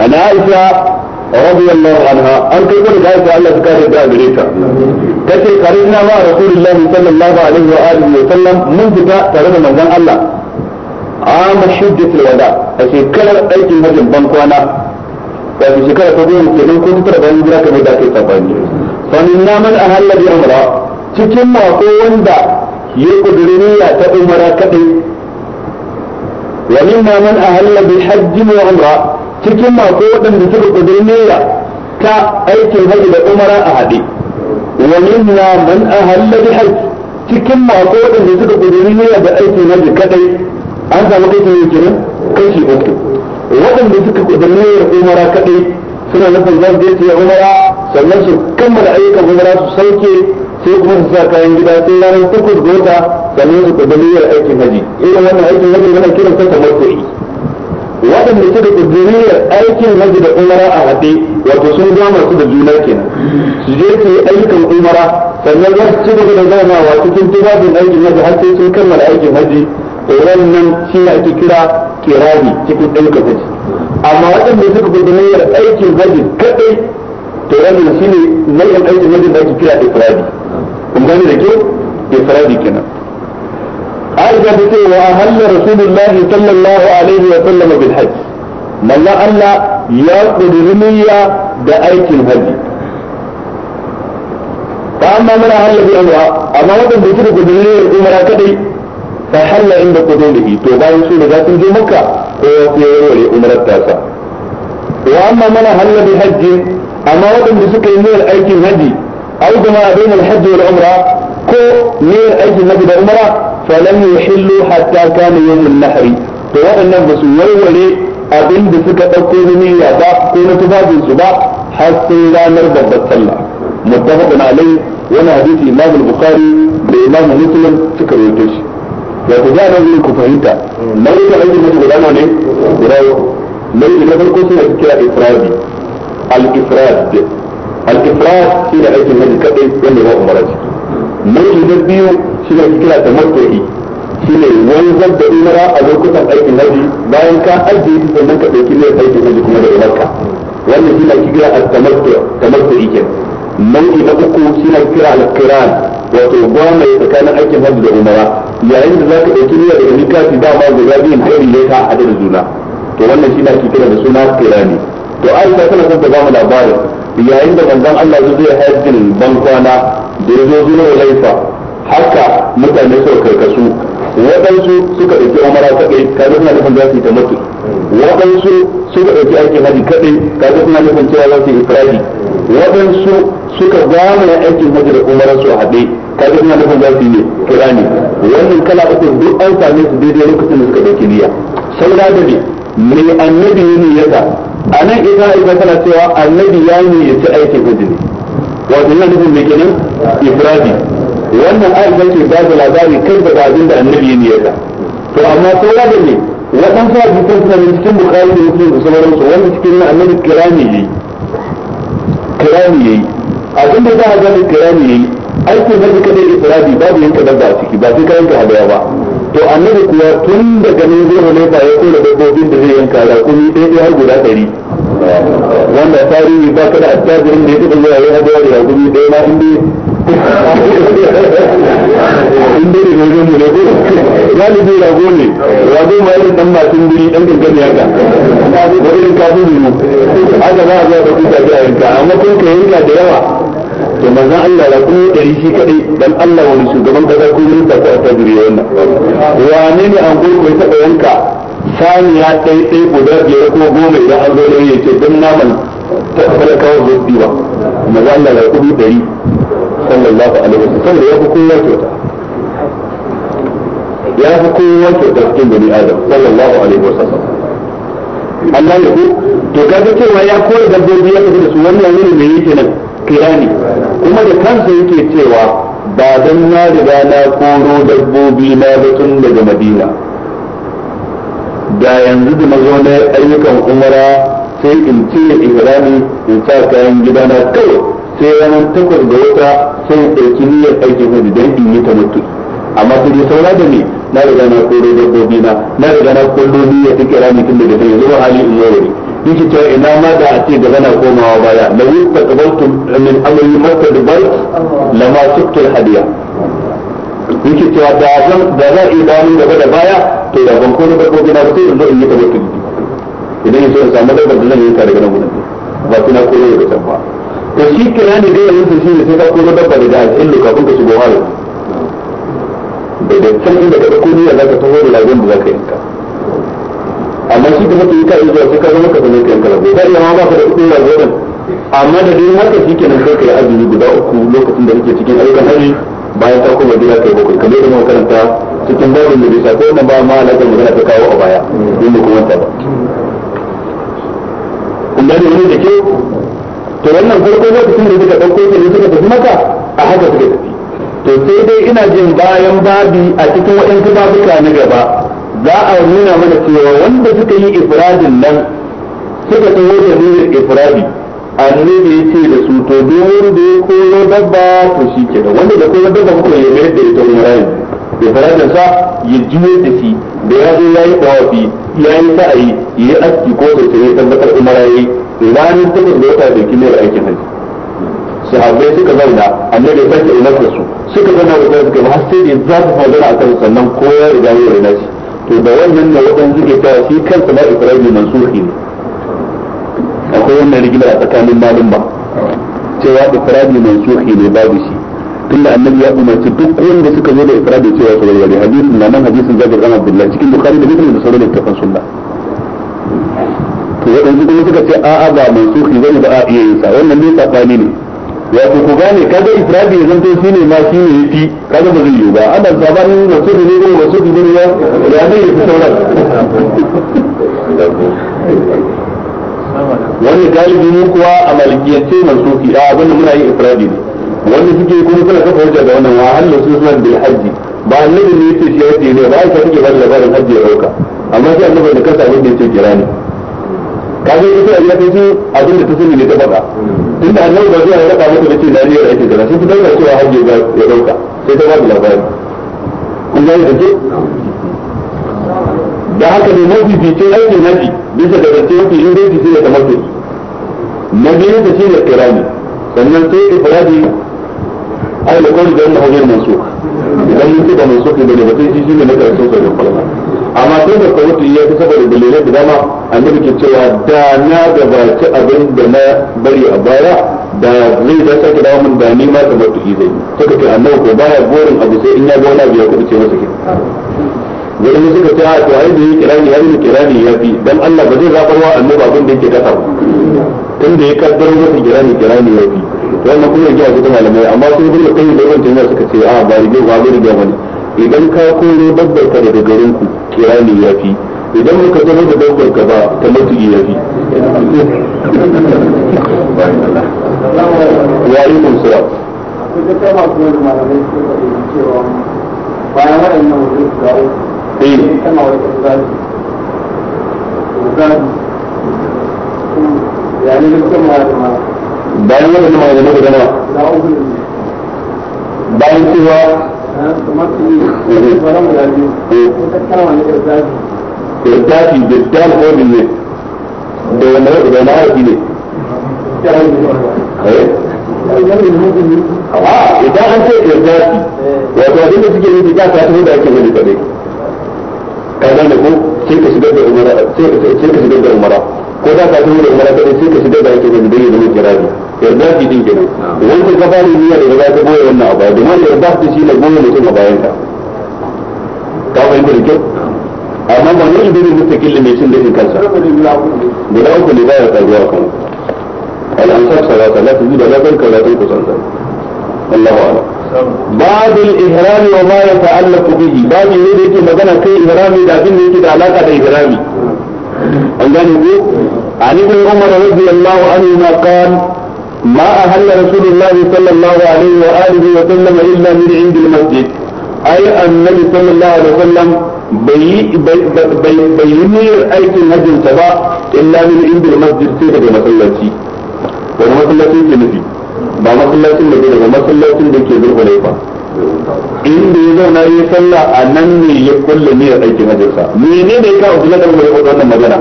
أنا عائشة رضي الله عنها أن تقول عائشة الله تكافي بأمريكا كتي قرينا مع رسول الله صلى الله عليه وآله وسلم منذ ترد من ذن الله عام شدة الوداع أي أيدي مجل بنكوانا وفي شكال تقول كنون كنت تربان جراك بداكي فمن فمنا من أهل أمره cikin mako wanda ya kudiri niyya ta umara kadai wa mimma man ahalla bai hajji wa cikin mako waɗanda suka kudiri niyya ta aikin haji da umara a haɗe wa mimma man ahalla bai hajji cikin mako waɗanda suka kudiri niyya da aikin haji kadai an samu kai ne kenan kashi uku waɗanda suka kudiri niyyar umara kadai suna nufin zan je ya umara sannan su kammala ayyukan umara su sauke sai kuma su sa kayan gida sai ranar takwas ga wata sannan su kudu niyyar aikin haji irin wannan aikin haji yana kiran sa kamar koyi waɗanda suka kudu niyyar aikin haji da umara a haɗe wato sun gama su da juna kenan su je su yi ayyukan umara sannan za su ci gaba da zaunawa cikin tubabin aikin haji har sai sun kammala aikin haji wannan shi ne ake kira kirari cikin ɗan haji amma waɗanda suka kudu niyyar aikin haji kaɗai to wannan shi ne nau'in aikin haji da ake kira ifradi kun gani da kyau ifradi kenan aisha ta ce wa ahalla rasulullahi sallallahu alaihi wa sallam bil hajj manzo Allah ya kudiri niyya da aikin haji ba amma mana halla bi umra amma wadanda suka kudiri niyya umra kadai fa halla inda kudulihi to bayan su da sun je makka ko ya warware umrar sa wa amma mana halla bi hajji amma wadanda suka yi niyyar aikin haji أيضا ما بين الحج والعمرة كو مين أيضا النبي العمرة فلم يحلوا حتى كان يوم النحر فوأنا النفس ويولي أبين بسكة القرنية لي يا باق كون تفاجئ الصباح حتى لا نرضى بالصلاة متفق عليه وانا حديث الإمام البخاري لإمام مسلم سكر ويتوش wato za a nan ku fahimta nau'ikan aikin mutu guda nawa ne guda uku nau'i na farko al-ifrad shi ne aikin haji kadai wanda ba umara nau'i na biyu shi ne kira da matu'i shi ne wanzar da umara a lokutan aikin haji bayan ka ajiye shi sannan ka ɗauki ne aikin haji kuma da umarka wannan shi ne kira al-tamattu'i ke nau'i na uku shi ne kira al-qiran wato gwamna tsakanin aikin haji da umara yayin da zaka ɗauki niyyar da mikafi dama guda ne ka to wannan shi ne kira da suna qirani to aisha tana son ta ba mu labarin yayin da manzon Allah zai zo hajjin ban kwana da ya zo zuwa laifa haka mutane suka karkasu waɗansu suka ɗauki umara kaɗai kaga suna nufin za su yi tamattu waɗansu suka ɗauki aikin haji kaɗai kaga suna nufin cewa za su yi ifradi waɗansu suka zamana aikin haji da umara su haɗe kaga suna nufin za su yi kirani wannan kala uku duk an same su daidai lokacin da suka ɗauki niyya sau da ne mai annabi ne ya a nan ita aisha tana cewa annabi ya ne ya ci aiki gudu ne wato yana nufin mai kenan ifradi wannan aikin ke ba da labari kai da ba abin da annabi ya niyarta to amma ya da ne waɗansu hadisan suna ne cikin bukari da musu da sauransu wanda cikin na annabi kirani yi kirani yayi abin da za a gani kirani yi aikin hajji kadai ifradi babu yanka dabba a ciki ba sai ka yanka hadaya ba to annabi kuwa tun da ne zai hule ya kula dabbobin da zai yanka da kuma ɗaya ɗaya har guda ɗari wanda tarihi ba ka da attajirin da ya taɓa zuwa ya hadawa da yakumi ɗaya ma inda inda da mai zan mule ko galibi rago ne rago ma irin dan masu guri ɗan gangan yanka wani irin kafin biyu haka za a zuwa da kuka ga yanka amma kun ka yanka da yawa to manzon Allah la kuma dari shi kadai dan Allah wani shugaban kaza ko minista ko attajiri ya wannan wane ne an gurbe taba yanka ya ɗai ɗai guda biyar ko goma idan an zo dare yace dan naman talakawa zo biwa manzon Allah la kuma dari sallallahu alaihi wasallam ya fi kowa kyauta ya fi kowa kyauta cikin bani adam sallallahu alaihi wasallam Allah ya ku to kaga cewa ya koyar dabbobi ya tafi su wannan ne me yake nan kirani kuma da kansa yake cewa ba don na riga na koro dabbobi na ba tun daga madina da yanzu da mazo na ayyukan umara sai in ce ihrami in sa kayan gidana kawai sai ranar takwas da wata sai ɗauki niyyar aikin hudu don in yi ta mutu amma su dai saura da ni na riga na koro dabbobi na na riga na kullo niyyar ta kirani tun daga sai yanzu hali in warware yake cewa ina ma da a ce gaba na komawa baya la yutta qabaltu min da bai lama tuktu hadiya yake cewa da zan da za a dawo gaba da baya to da ban kono ba ko gina ba sai in zo in yi qabaltu idan yaso in samu da zan yi ta daga nan gudun ba kuna koyo daga can ba to shi kira ne dai yanzu shi ne sai ka kono dabba daga al'illu kafin ka shigo harin da can inda ka dauko niyya za ka taho da lagun da za ka yanka amma shi da mutum ka izuwa su ka maka ka zama ka karabu iya ma ba ka da kuɗin ragowan amma da dai haka shi kenan sai ka yi azumi guda uku lokacin da kake cikin ayyukan hari bayan ta kuma dai kai yi bakwai kamar da makaranta karanta cikin babin da bai sa ko wannan ba ma alaƙar magana ta kawo a baya inda kuma ta ba kun gane wani da ke. to wannan farko lokacin da suka ɗauko ta ne suka tafi maka a haka suka tafi to sai dai ina jin bayan babi a cikin waɗansu babuka na gaba za a nuna mana cewa wanda suka yi ifradin nan suka tawo da nuna ifradi a nuna ya ce da su to domin da ya koyo dabba to shi ke wanda da koyo dabba kuma ya mayar da ita umarani ifradin sa ya juyar da shi da ya zo ya yi tawafi ya yi sa'ayi ya yi aski ko da ta yi tabbatar umarani ranar takwas da wata da kimiyar aikin hajji sahabbai suka zauna annabi ya sake umarta su suka zauna da suka ba har sai da za su magana akan sannan kowa ya riga ya yi nashi to da wannan ne wadan suke cewa shi kansa ma Isra'ili mansuhi ne akwai wannan rigimar a tsakanin malum ba cewa Isra'ili mansuhi ne babu shi tunda annabi ya umarci duk wanda suka zo da Isra'ili cewa su warware hadisin na nan hadisin Jabir bin Abdullah cikin Bukhari da Muslim da sauran littafan sunna to wadansu kuma suka ce a'a ba mansuhi bane ba a iya yin sa wannan ne sabani ne wato ku gane kaga ifradi ya zanto shine ma shine yafi kaga ba zai yi ba ana sabanin su ne ne su ne ya ya ne yafi tsora wani galibi mu kuwa a malikiyance sufi a abin da muna yi ifradi ne wanda suke kuma suna kafa hujja da wannan wa halin su suna bil hajji ba annabi ne yake shi yace ne ba ka take ba labarin hajji ya dauka amma sai annabi da kansa ne yake kira ne kaga ita ya tafi abin da ta sani ne ta baka inda annabi ba zuwa ya raka musu da ce dariyar ake gara da cewa hajji ya dauka sai ta babu labari kun da ke da haka ne mafi fice bisa da zance mafi inganci na biyu da shi ne kirani sannan sai ai da kawai da idan mun ne ba ba shi ne na karshen sauran kwalama amma sai da kwamitin ya fi saboda dalilai da dama annabi ke cewa da na gabaci abin da na bari a baya da zai da sake dawo min da ni ma kamar tuki zai suka ce annabi ko baya gorin abu sai in ya ga wani abu ya kuɗi ce masa ke wani suka ce a ah, to ai da yi kirani ya yi kirani ya fi dan Allah ba zai zabarwa annabi abin da yake da kawo tunda ya kaddaro masa kirani kirani ya fi wannan kuma ya ji a cikin malamai amma sun gudu kai da wancan ya suka ce a ah, ba ya ba zai rige ba ne idan ka koro babbar ka daga garin ku kirani ya fi idan muka zama da babbar ka ba talatuki ya fi wa eh. bayan waɗannan wajen uku da bayan waɗannan wajen bayan cewa irtafi da dal hodin ne da wanda da na haifi ne eh? a idan an ce irtafi wato abin da suke nufi ka ta da ake gani kadai ka gane ko sai ka shigar da umara sai ka shigar da umara ko da ka tafi da umara kadai sai ka shigar da ake gani da yake da kirari yarda shi din gina wanda ka fara niyya da za wannan a baya domin yarda shi shi ne goya mutum a bayan ka ka fahimta da kyau amma ba ne idan yin mutakil mai cin dafin kansa guda uku ne baya tsaruwa kan al'ansar salata la ta zuda la barka la ta kusanta Allahu a'lam باب الإهرام وما يتعلق به باب يريد مغنى كي إهرامي دا بين يجي دا علاقة دا إهرامي عن ابن عمر رضي الله عنهما قال ما أهل رسول الله صلى الله عليه وآله وسلم إلا من عند المسجد أي النبي صلى الله عليه وسلم بينير أي الهج سبا إلا من عند المسجد سيدة بمسلتي ومسلتي بنفي ba masallacin da ke masallacin da ke zurfa laifa inda ya zauna ya salla a nan ne ya kulle niyyar aikin hajjarsa menene ya kawo sunan da mai wannan magana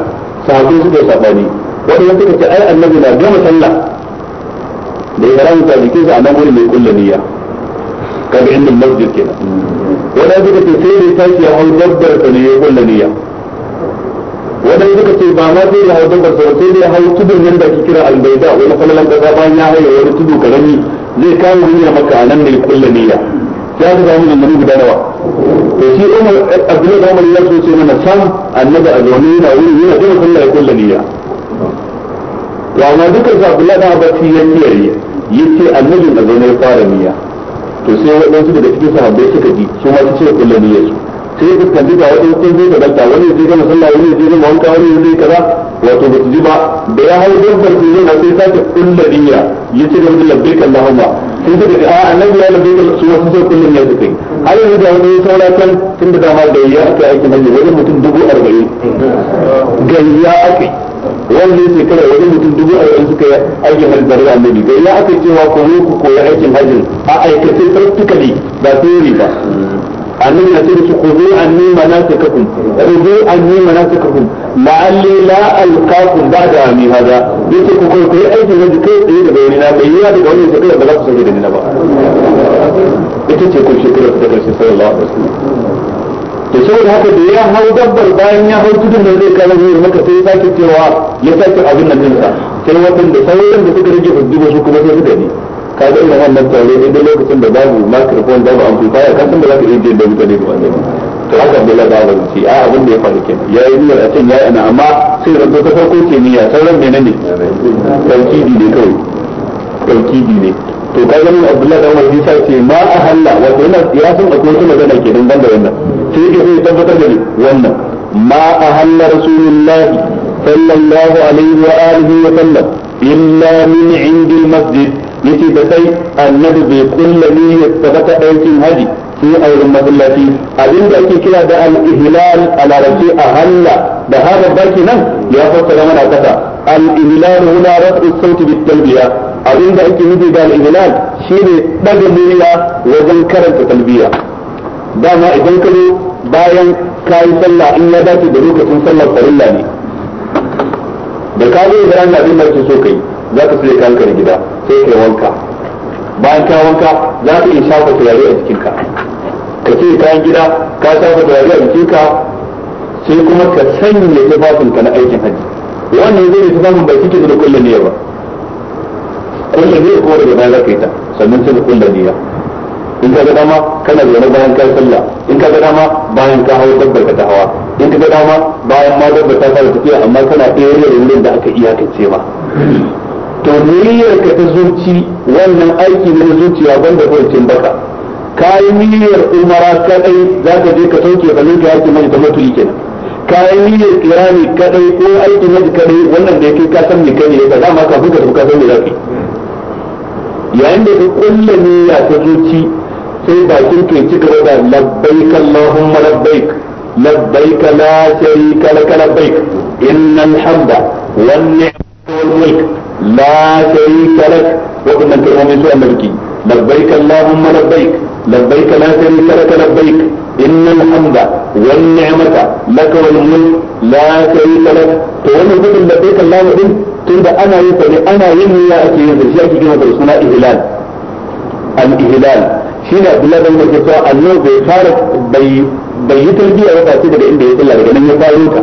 sahabbai suka sabani wanda suka ce ai annabi na gama sallah da ihramu ta jikin sa a nan wurin mai kullu niyya kaga inda masjid kenan wanda suka ce sai ne tashi ya hau dabbar sa ne ya kullu niyya wanda suka ce ba ma sai ya hau dabbar sa sai ya hau tudun nan da ake kira albaida wani kallon kasa bayan ya haye wani tudu karami zai kawo niyya maka a nan mai kullu niyya ya ga zamu nan mun guda nawa to shi Umar Abdullahi Umar ya so sai mana sam annabi a zaune yana wuri yana dole kullu kullu niyya wa ma sa su abdullahi dan abbas ya kiyaye yace annabin da zai fara niyya to sai waɗansu daga cikin sahabbai suka ji su ma su ce kullu niyyar su sai ka kalli ga wani sun zai gadanta wani zai gama sallah wani zai gama wanka wani zai kaza wato ba su ji ba da ya hau don farko zai na sai sake kullu niyya ya ce gaba da labbaik allahumma sun ce daga a annabi ya labbaik su wasu sai kullu niyya su kai har yanzu da wani saura kan tun da dama gayya aka yi aikin hajji wajen mutum dubu arba'in gayya aka yi wanda yake kare wani mutum dubu arba'in suka yi aikin hajji tare da annabi ga ya aka cewa ko mu ku koyi aikin hajji a aikace practically ba theory ba annabi na ce su zo anni manasikakum khudhu anni manasikakum la'alli la alqakum ba'da ami hada yake ku koyi aikin hajji kai tsaye da wani na bai yi daga wannan shekara ba za ku sake da ni na ba ita ce ku shekara ta karshe sallallahu alaihi wasallam to saboda haka da ya hau dabbar bayan ya hau tudun da zai kawo zuwa maka sai sake cewa ya sake abin nan ɗinsa sai waɗanda sauran da suka rage fuddi su kuma sai suka ne ka ga ina wannan tare da lokacin da babu microphone babu amplifier kan tunda ba za ka da mutane da wannan to haka Abdullahi la babu ce a abin da ya faru kenan yi niyyar a can yi ana amma sai ranto ta farko ke niyya sauran menene tauhidi ne kawai tauhidi ne to ka ganin abdullahi dan wani sai ce ma a halla wato yana ya san akwai wata magana ke dan banda wannan sai ke zai tabbatar da wannan ma a halla rasulullahi sallallahu alaihi wa alihi wa sallam illa min indi masjid yace da sai annabi bai kulla ni ya tabbata aikin haji sai a wurin masallaci abinda ake kira da al-ihlal a larabci a halla da hada baki nan ya fassara mana kasa al-ihlal huna rafu sauti bit talbiya abin da ake nufi da al shi ne ɗaga murya wajen karanta talbiya dama idan ka zo bayan kayi sallah in ya dace da lokacin sallar farilla ne da ka zo da ranar abin da so kai za ka fule kanka da gida sai kai wanka bayan ka wanka za ka iya shafa turare a jikinka ka ce kayan gida ka shafa turare a jikinka sai kuma ka sanya tufafinka na aikin hajji wannan zai yi tufafin bai kike da kullum ne ba kulla ne ko daga baya zaka yi ta sannan sai ka kulla niyya in ka ga dama kana zaune bayan ka sallah in ka ga dama bayan ka hawo dabbar ka ta hawa in ka ga dama bayan ma dabbar ta fara tafiya amma kana area wurin da aka iyakance ma to niyyar ka ta zuci wannan aiki ne na zuciya banda kurcin baka ka yi niyyar umara kadai za ka je ka sauke balin ka yaki mai zama tuli kenan ka yi niyyar kirani kadai ko aiki na kadai wannan da yake ka san me kai ne ka dama ka buga ka san me za yi yayin da kullum ne ya ta zuci sai bakin ke ci gaba da labbaik allahumma labbaik labbaik la sharika lak labbaik innal hamda wan ni'mata wal mulk la sharika lak wadannan kalmomin su annabi labbaik allahumma labbaik labbaik la sharika lak labbaik إن الحمد والنعمة لك والملك لا شريك لك تقول لك لبيك اللهم إن tunda ana yin sa ana yin niyya ake yin sa shi ake kira da suna ihlal al ihlal shine Abdullahi bin Mas'ud cewa Allah bai fara bai bai yi tarbiyya ba sai daga inda ya tsalla daga nan ya faro ta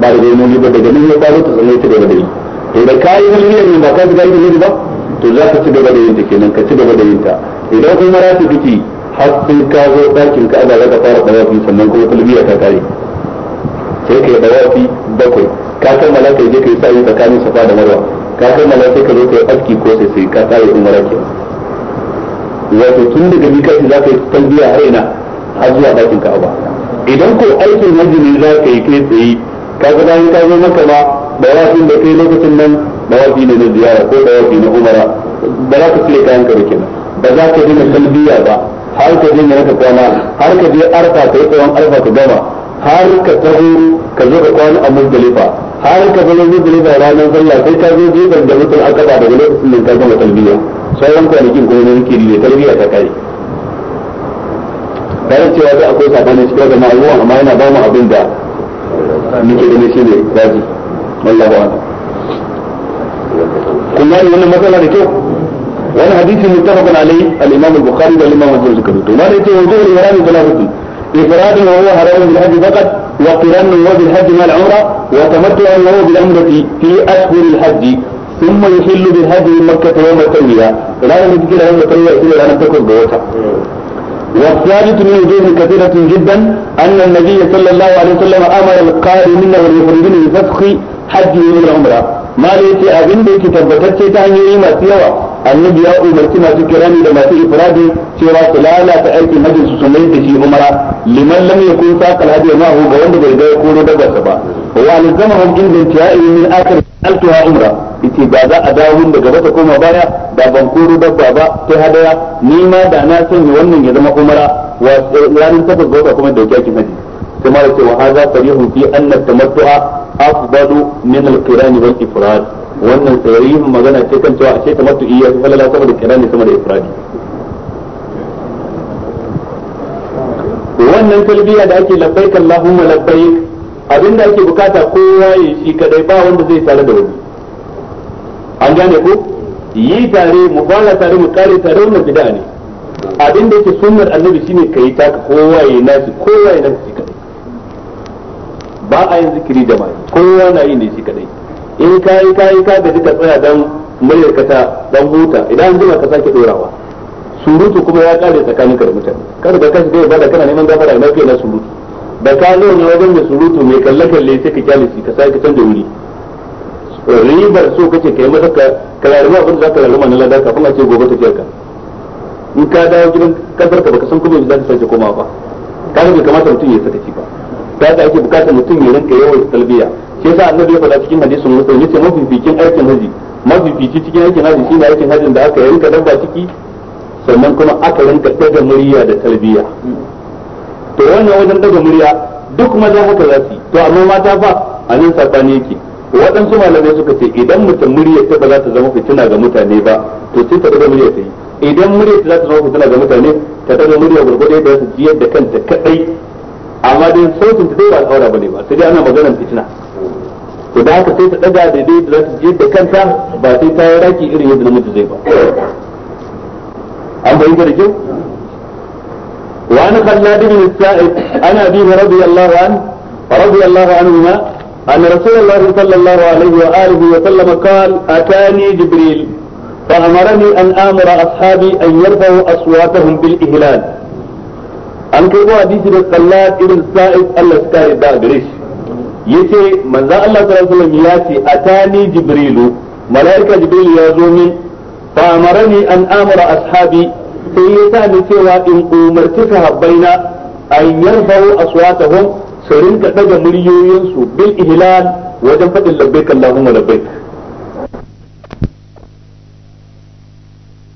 ba da daga yin ba daga nan ya faro ta sannan ya ci gaba da yi to da kayi niyyar ne ba ka ga yi ba to za ka ci gaba da yin ta kenan ka ci gaba da yin ta idan kuma rafi kike har sai ka zo ɗakin ka za ka fara dawafi sannan kuma talbiya ta kare sai kai yi bakwai ka kai malaka je kai sai tsakanin safa da marwa ka kai malaka ka zo kai aski ko sai sai ka sai umara ke wato tun daga mikashi za ka yi talbiya har ina har zuwa dakin ka'aba idan ko aikin hajji ne za ka yi kai tsaye ka ga bayan ka zo maka ba dawafin da kai lokacin nan dawafi ne na ziyara ko dawafi na umara ba za ka cire kayan ka ba kenan ba za ka dinga talbiya ba har ka je naka kwana har ka je arfa ka yi tsawon arfa ka gama har ka taho ka zo ka kwana a muzdalifa har ka zo zuzuri da ranar sallah sai ka zo zubar da mutum aka ba daga lokacin da ka gama talbiya sauran kwanakin kuma na yake ne talbiya ta kai tare cewa da akwai sabani cikin da ma'aikatan amma yana ba mu abin da muke gani shi ne daji wallahu a'lam kuma wannan matsala da kyau wani hadisi mutafakun alai al-imam al-bukhari da al-imam muslim suka rubuta ma da yake wajen yaran irani da lafiya إفراده وهو هرم بالحج فقط من وهو بالحج مع العمرة وتمتع وهو بالعمرة في أشهر الحج ثم يحل بالحج من مكة يوم التروية لا يمكن يوم التروية إلا أن تكون بوسع والثالث من وجوه كثيرة جدا أن النبي صلى الله عليه وسلم أمر القائمين والمفردين بفسخ من العمرة mala yace abin da yake tabbatacce ta hanyoyi masu yawa annabi ya umarci masu kirani da masu ifradi cewa su lalata aikin hajjin su sun da shi umara liman lam yakun saqal hadi ma ga wanda bai ga koro daga basa ba wa alzamahum inda tiya'i min akhir altuha umra yace ba za a dawo min daga basa koma baya da ban koro dabba ba ta hadaya ni ma da na sanya wannan ya zama umara wa ranar takwas ga wata kuma da yake hajji كما يقول وهذا صريح في أن التمتع أفضل من القران والإفراد wannan sayayin magana ce kan cewa ashe kamar iya falala sama kirani sama da ifradi wannan talbiya da ake labbaik Allahumma labbaik abinda ake bukata kowa ya shi kadai ba wanda zai da wani an gane ku yi tare mu fara tare mu kare tare wannan bid'a ne abinda yake sunnar annabi shine kai taka kowa ya nashi kowa ya nashi ba a yin zikiri da mai kowa na yi ne shi kadai in ka yi ka yi ka ga ka tsaya dan muryar ka ta dan huta idan an ka sake dorawa surutu kuma ya kare tsakanin ka da mutane kada ka kashi dai bada kana neman gafara na kai na surutu da ka zo ne wajen da surutu mai kalle kalle sai ka kyale shi ka sake canza wuri ribar so kace kai masa ka kalaruma abin da zaka laruma na lada kuma ka ce gobe ta ka in ka dawo gidan kasar ka baka san kuma za ka sake komawa ba kaga bai kamata mutum ya saka ci ba ta ake bukatar mutum ya rinka yawan talbiya shi yasa annabi ya faɗa cikin hadisin musulmi yace fikin aikin haji mafifici cikin aikin haji shine aikin hajin da aka rinka dabba ciki sannan kuma aka rinka daga murya da talbiya to wannan wajen daga murya duk maza haka za su to amma mata ba a nan sabani yake waɗansu malamai suka ce idan mutum murya ta ba za ta zama fitina ga mutane ba to sai ta daga murya ta yi idan murya ta za ta zama fitina ga mutane ta daga murya gurgurda yadda za su jiyar da kanta kaɗai. amma dai sautin ta dai ba al'aura bane ba sai dai ana maganar fitina to da haka sai ta daga daidai da za ta je da kanta ba sai ta yi raki irin yadda namiji zai ba an bayyana da kyau وعن خلاد بن السائب عن أبيه رضي الله عنه رضي الله عنهما أن رسول الله صلى الله عليه وآله وسلم قال أتاني جبريل فأمرني أن آمر أصحابي أن يرفعوا أصواتهم بالإهلال an kai ko hadisi da sallat irin sa'id Allah ya kare da gare shi yace manzo Allah sallallahu alaihi wasallam ya atani jibrilu malaika jibril ya zo min fa amarani an amara ashabi sai ya sa cewa in umarci sahabbaina an yarfa'u aswatahum su rinka daga su bil ihlal wajen faɗin labbaik Allahumma labbaik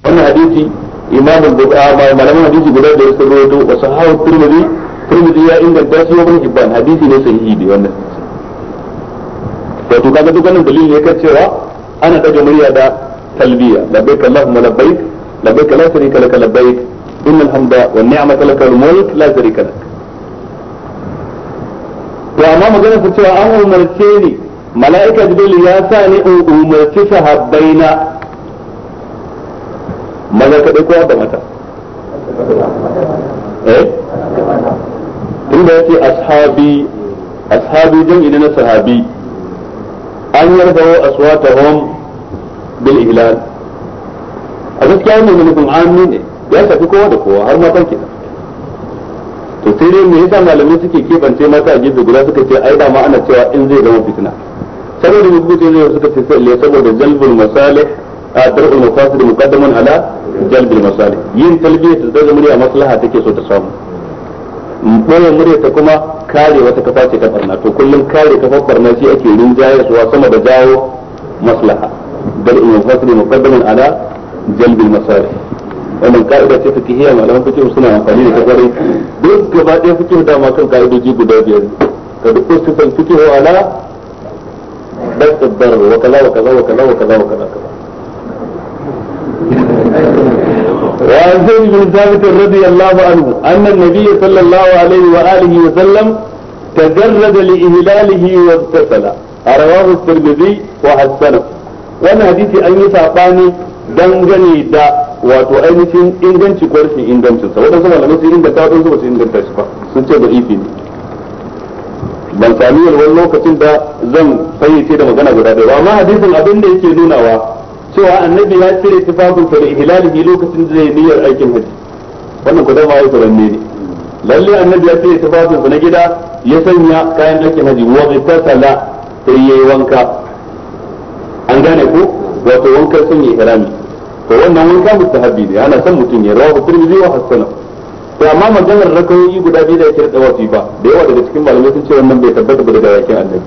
wannan hadisi إمام البخاري آه، ما لم يحدث بلا درس بوده وصحاه الترمذي الترمذي يا إنك درس يوم الجبان حديث ليس هي دي وانا فتوكان تتوكان دليل يكاد سيرا أنا تجو مريا دا تلبية لبيك اللهم لبيك لبيك لا شريك لك لبيك إن الحمد والنعمة لك الملك لا شريك لك وأمام مجانا فتوى أمر مرسيني ملائكة جبريل يا ثاني أمرسيها بينا maza kaɗai ko da mata eh inda ya ce ashabi ashabi don idan na sahabi an yarbawo aswatahum bil ihlal a gaskiya ne nufin amni ne ya shafi kowa da kowa har matan kisa to sai dai me yasa malamai suke kebance mata a gefe guda suka ce ai da ma ana cewa in zai zama fitina saboda mu kuce ne suka ce sai saboda jalbul masalih a darul mafasid muqaddaman ala jalbil masalih yin talbiya ta daga murya maslaha take so ta samu boye murya ta kuma kare wata kafa ce ta barna to kullum kare kafa barna shi ake rinjayarwa sama da jawo maslaha bal in fasli muqaddaman ala jalbil masalih wannan ka'ida ce fikihiyya malaman fikihu suna amfani da ta duk gaba ɗaya da ma kan ka'idoji guda biyar ka duk kusa fikihu ala dasta darar wa kala wa kala wa kala wa kala wa kala وعن زيد بن ثابت رضي الله عنه أن النبي صلى الله عليه وآله وسلم تجرد لإهلاله واغتسل رواه الترمذي وحسنه وانا حديثي أن يتعطاني dangane da wato ainihin inganci ko rashin ingancin sa wadansu malamai sun inganta wadansu ba su inganta shi ba sun ce da ne ban sami wani lokacin da zan fayyace da magana guda ɗaya ba amma hadisin abin da yake nunawa cewa annabi ya cire tufafin sa da lokacin da zai niyyar aikin haji wannan kudan ma yake ranne ne lalle annabi ya cire tufafin na gida ya sanya kayan aikin haji wa ghtasala sai yayi wanka an gane ko wato wanka sun yi ihrami to wannan wanka mustahabi ne ana son mutum ya rawa turmizi wa hasana to amma maganar rakayoyi guda biyu da yake da wafi ba da yawa daga cikin malamai sun ce wannan bai tabbata ba daga yakin annabi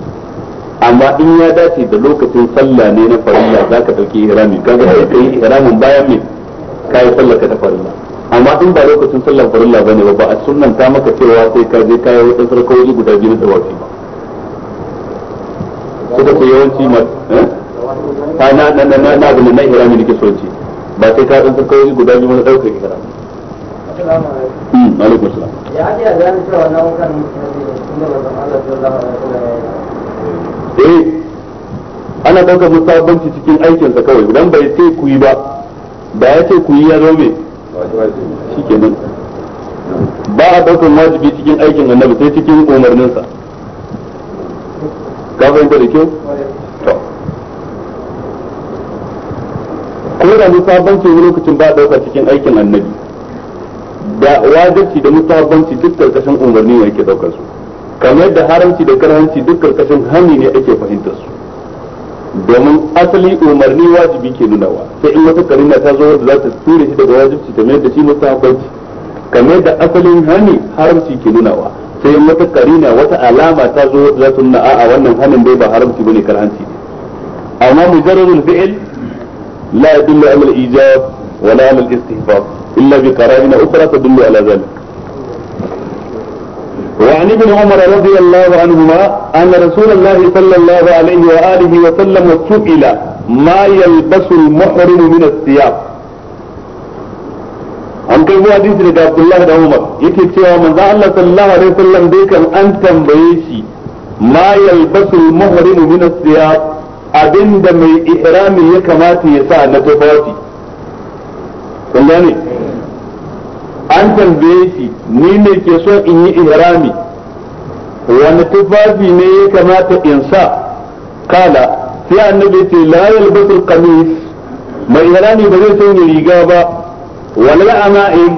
amma in ya dace da lokacin sallah ne na farilla za ka ɗauki ihrami kaga sai ka yi ihramin bayan me ka yi sallah ka ta farilla amma in ba lokacin sallah farilla bane ba ba a sunnan ta maka cewa sai ka je ka yi wadansu rakawoyi guda biyu na tawafi ba da ce yawanci ma ta eh? na na na na na na na ihrami nake so ce ba sai ka yi rakawoyi guda biyu na ɗaukar ihrami. Hmm, ya ake a gane cewa na wukan da ba zama Allah sallallahu alaihi wa sallam eh ana ɗaukar musabanci cikin aikin sa kawai idan bai ce ku yi ba da ya ce ku yi ya zo me shikenan ba a ɗaukar wajibi cikin aikin annabi sai cikin umarnin sa ka fahimta da kyau ko da musabanci wani lokacin ba a ɗaukar cikin aikin annabi da wajibci da musabanci duk karkashin umarni yake ɗaukar su kamar yadda haramci da karhanci duk karkashin hani ne ake fahimtar su domin asali umarni wajibi ke nunawa sai in wata karina ta zo da za ta tura shi daga wajibci kamar yadda shi mustahabbanci kamar yadda asalin hani haramci ke nunawa sai in wata karina wata alama ta zo da za ta nuna a'a wannan hannun dai ba haramci bane karhanci ne amma mujarradul fi'l la yadullu ala al-ijab wala ala al-istihbab illa bi qara'ina ukhra tadullu ala dhalik وعن ابن عمر رضي الله عنهما أن رسول الله صلى الله عليه وآله وسلم سئل ما يلبس المحرم من الثياب an kai zuwa hadisi daga Abdullah da Umar yake cewa manzo Allah sallallahu alaihi wasallam dai kan an tambaye shi ma yalbasul muhrimu min as-siyab abinda mai ihrami ya kamata ya sa na tufafi kun gane an tambaye shi ni ne ke so in yi ihrami wani tufafi ne ya kamata in sa kala sai annabi ce la yalbasu qamis mai ihrami ba zai sanya riga ba wala ama'in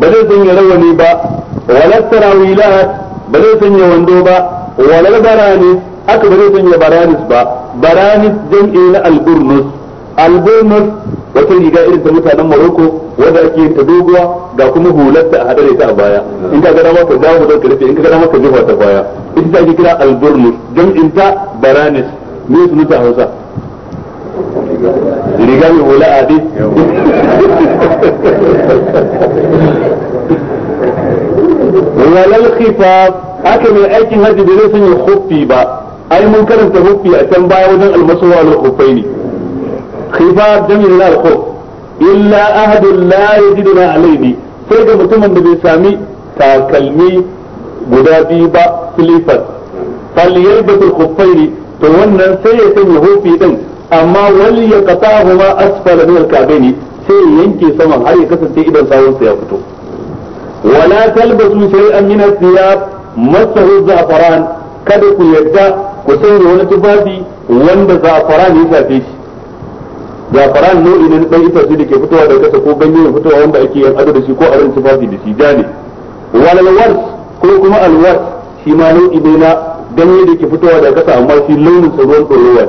ba zai sanya rawani ba wala tarawila ba zai sanya wando ba wala barani aka ba zai sanya baranis ba baranis jam'i na alburnus alburnus wata riga irin ta mutanen Morocco wanda ake yin ta doguwa ga kuma hularta a hadare ta a baya in ka ga dama ka jawo da karfe in ka ga dama ka jefa ta baya ita ake kira alburnus jam'in ta baranis me su nuta Hausa riga mai hula a dai walal khifaf haka mai aikin hajji bai sun yi hufi ba ai mun karanta hufi a can baya wajen almasuwa al-khuffaini khifaf jami'in al-qur illa ahadun la yajiduna alayhi sai ga mutumin da bai sami takalmi guda biyu ba silifar faliyar da ne to wannan sai ya sanya hofi din amma wani ya kasa huma asfala min al ne sai ya yanke saman har ya kasance idan sawunsa ya fito wala talbasu shay'an min al-thiyab masahu za'faran kada ku yadda ku sanya wani tufafi wanda za'faran ya shafe shi zafaran nau'i ne dan itace da ke fitowa daga kasa ko ganye ya fitowa wanda ake yin ado da shi ko a rin tufafi da shi jani wal wars ko kuma wars shi ma nau'i ne na ganye da ke fitowa daga kasa amma shi launin sa ruwan ɗorewa ne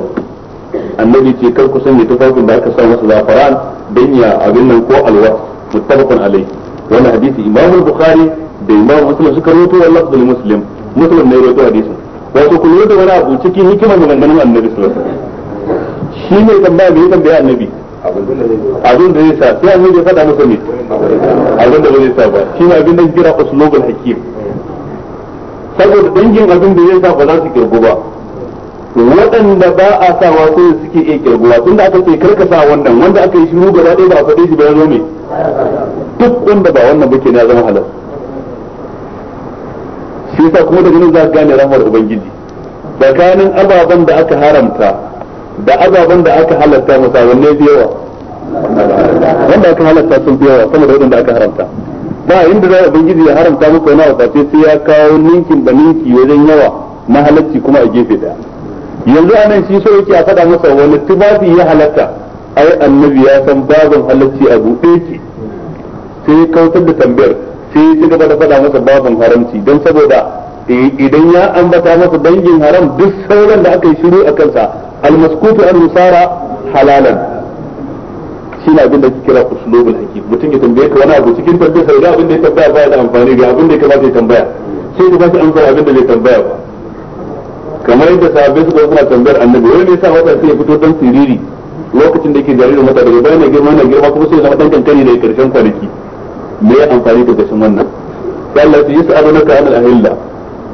annabi ce kar ku sanya tufafin da aka sa masa zafaran dan ya abin nan ko wars muttafaqun alai wannan hadisi imamu bukhari da imamu muslim suka rawaito wallahi muslim muslim ne ya rawaito hadisin wato kullu da wani abu cikin hikimar maganganun annabi sallallahu alaihi wasallam shi mai tambaya bai tambaya annabi abin da zai sa sai annabi ya faɗa masa ne abin da ba zai sa ba shi ne abin da kira uslubul hakim saboda dangin abin da zai sa ba za su kirgu ba waɗanda ba a sa sawa sai suke iya kirguwa tun da aka ce karka sa wannan wanda aka yi shi gaba ɗaya ba a faɗe shi ba ya zo ne duk wanda ba wannan bake na zama halal shi yasa kuma da nan za ka gane rahmar ubangiji tsakanin ababen da aka haramta da azaban da aka halatta musa wanne biyawa yawa wanda aka halatta sun fi sama da wadanda aka haramta ba inda za a ubangiji ya haramta maka wani abu sai ya kawo ninkin da ninki wajen yawa na halacci kuma a gefe da. yanzu anan shi so yake a faɗa masa wani tubafi ya halatta ai annabi ya san babin halacci a buɗe ki sai ya kautar da tambayar sai ya ci gaba da faɗa masa babin haramci don saboda Eh, idan ya ambata masa dangin haram duk sauran da aka yi shiru a kansa almaskutu an musara halalan shi na abin da ake kira uslubul hakim mutum ya tambaye ka wani abu cikin tabbai sai abin da ya tabbata baya da amfani ga abin da ya kamata ya tambaya sai ka baki amsar abin da bai tambaya ba kamar yadda sahabbai suka kuma tambayar annabi wai me yasa wata sai ya fito dan siriri lokacin da yake jaririn mata daga bayan ya girma na girma kuma sai ya zama dan kankani da karshen kwanaki me ya amfani da gashin wannan sai Allah ya yi sa'alunaka anil ahilla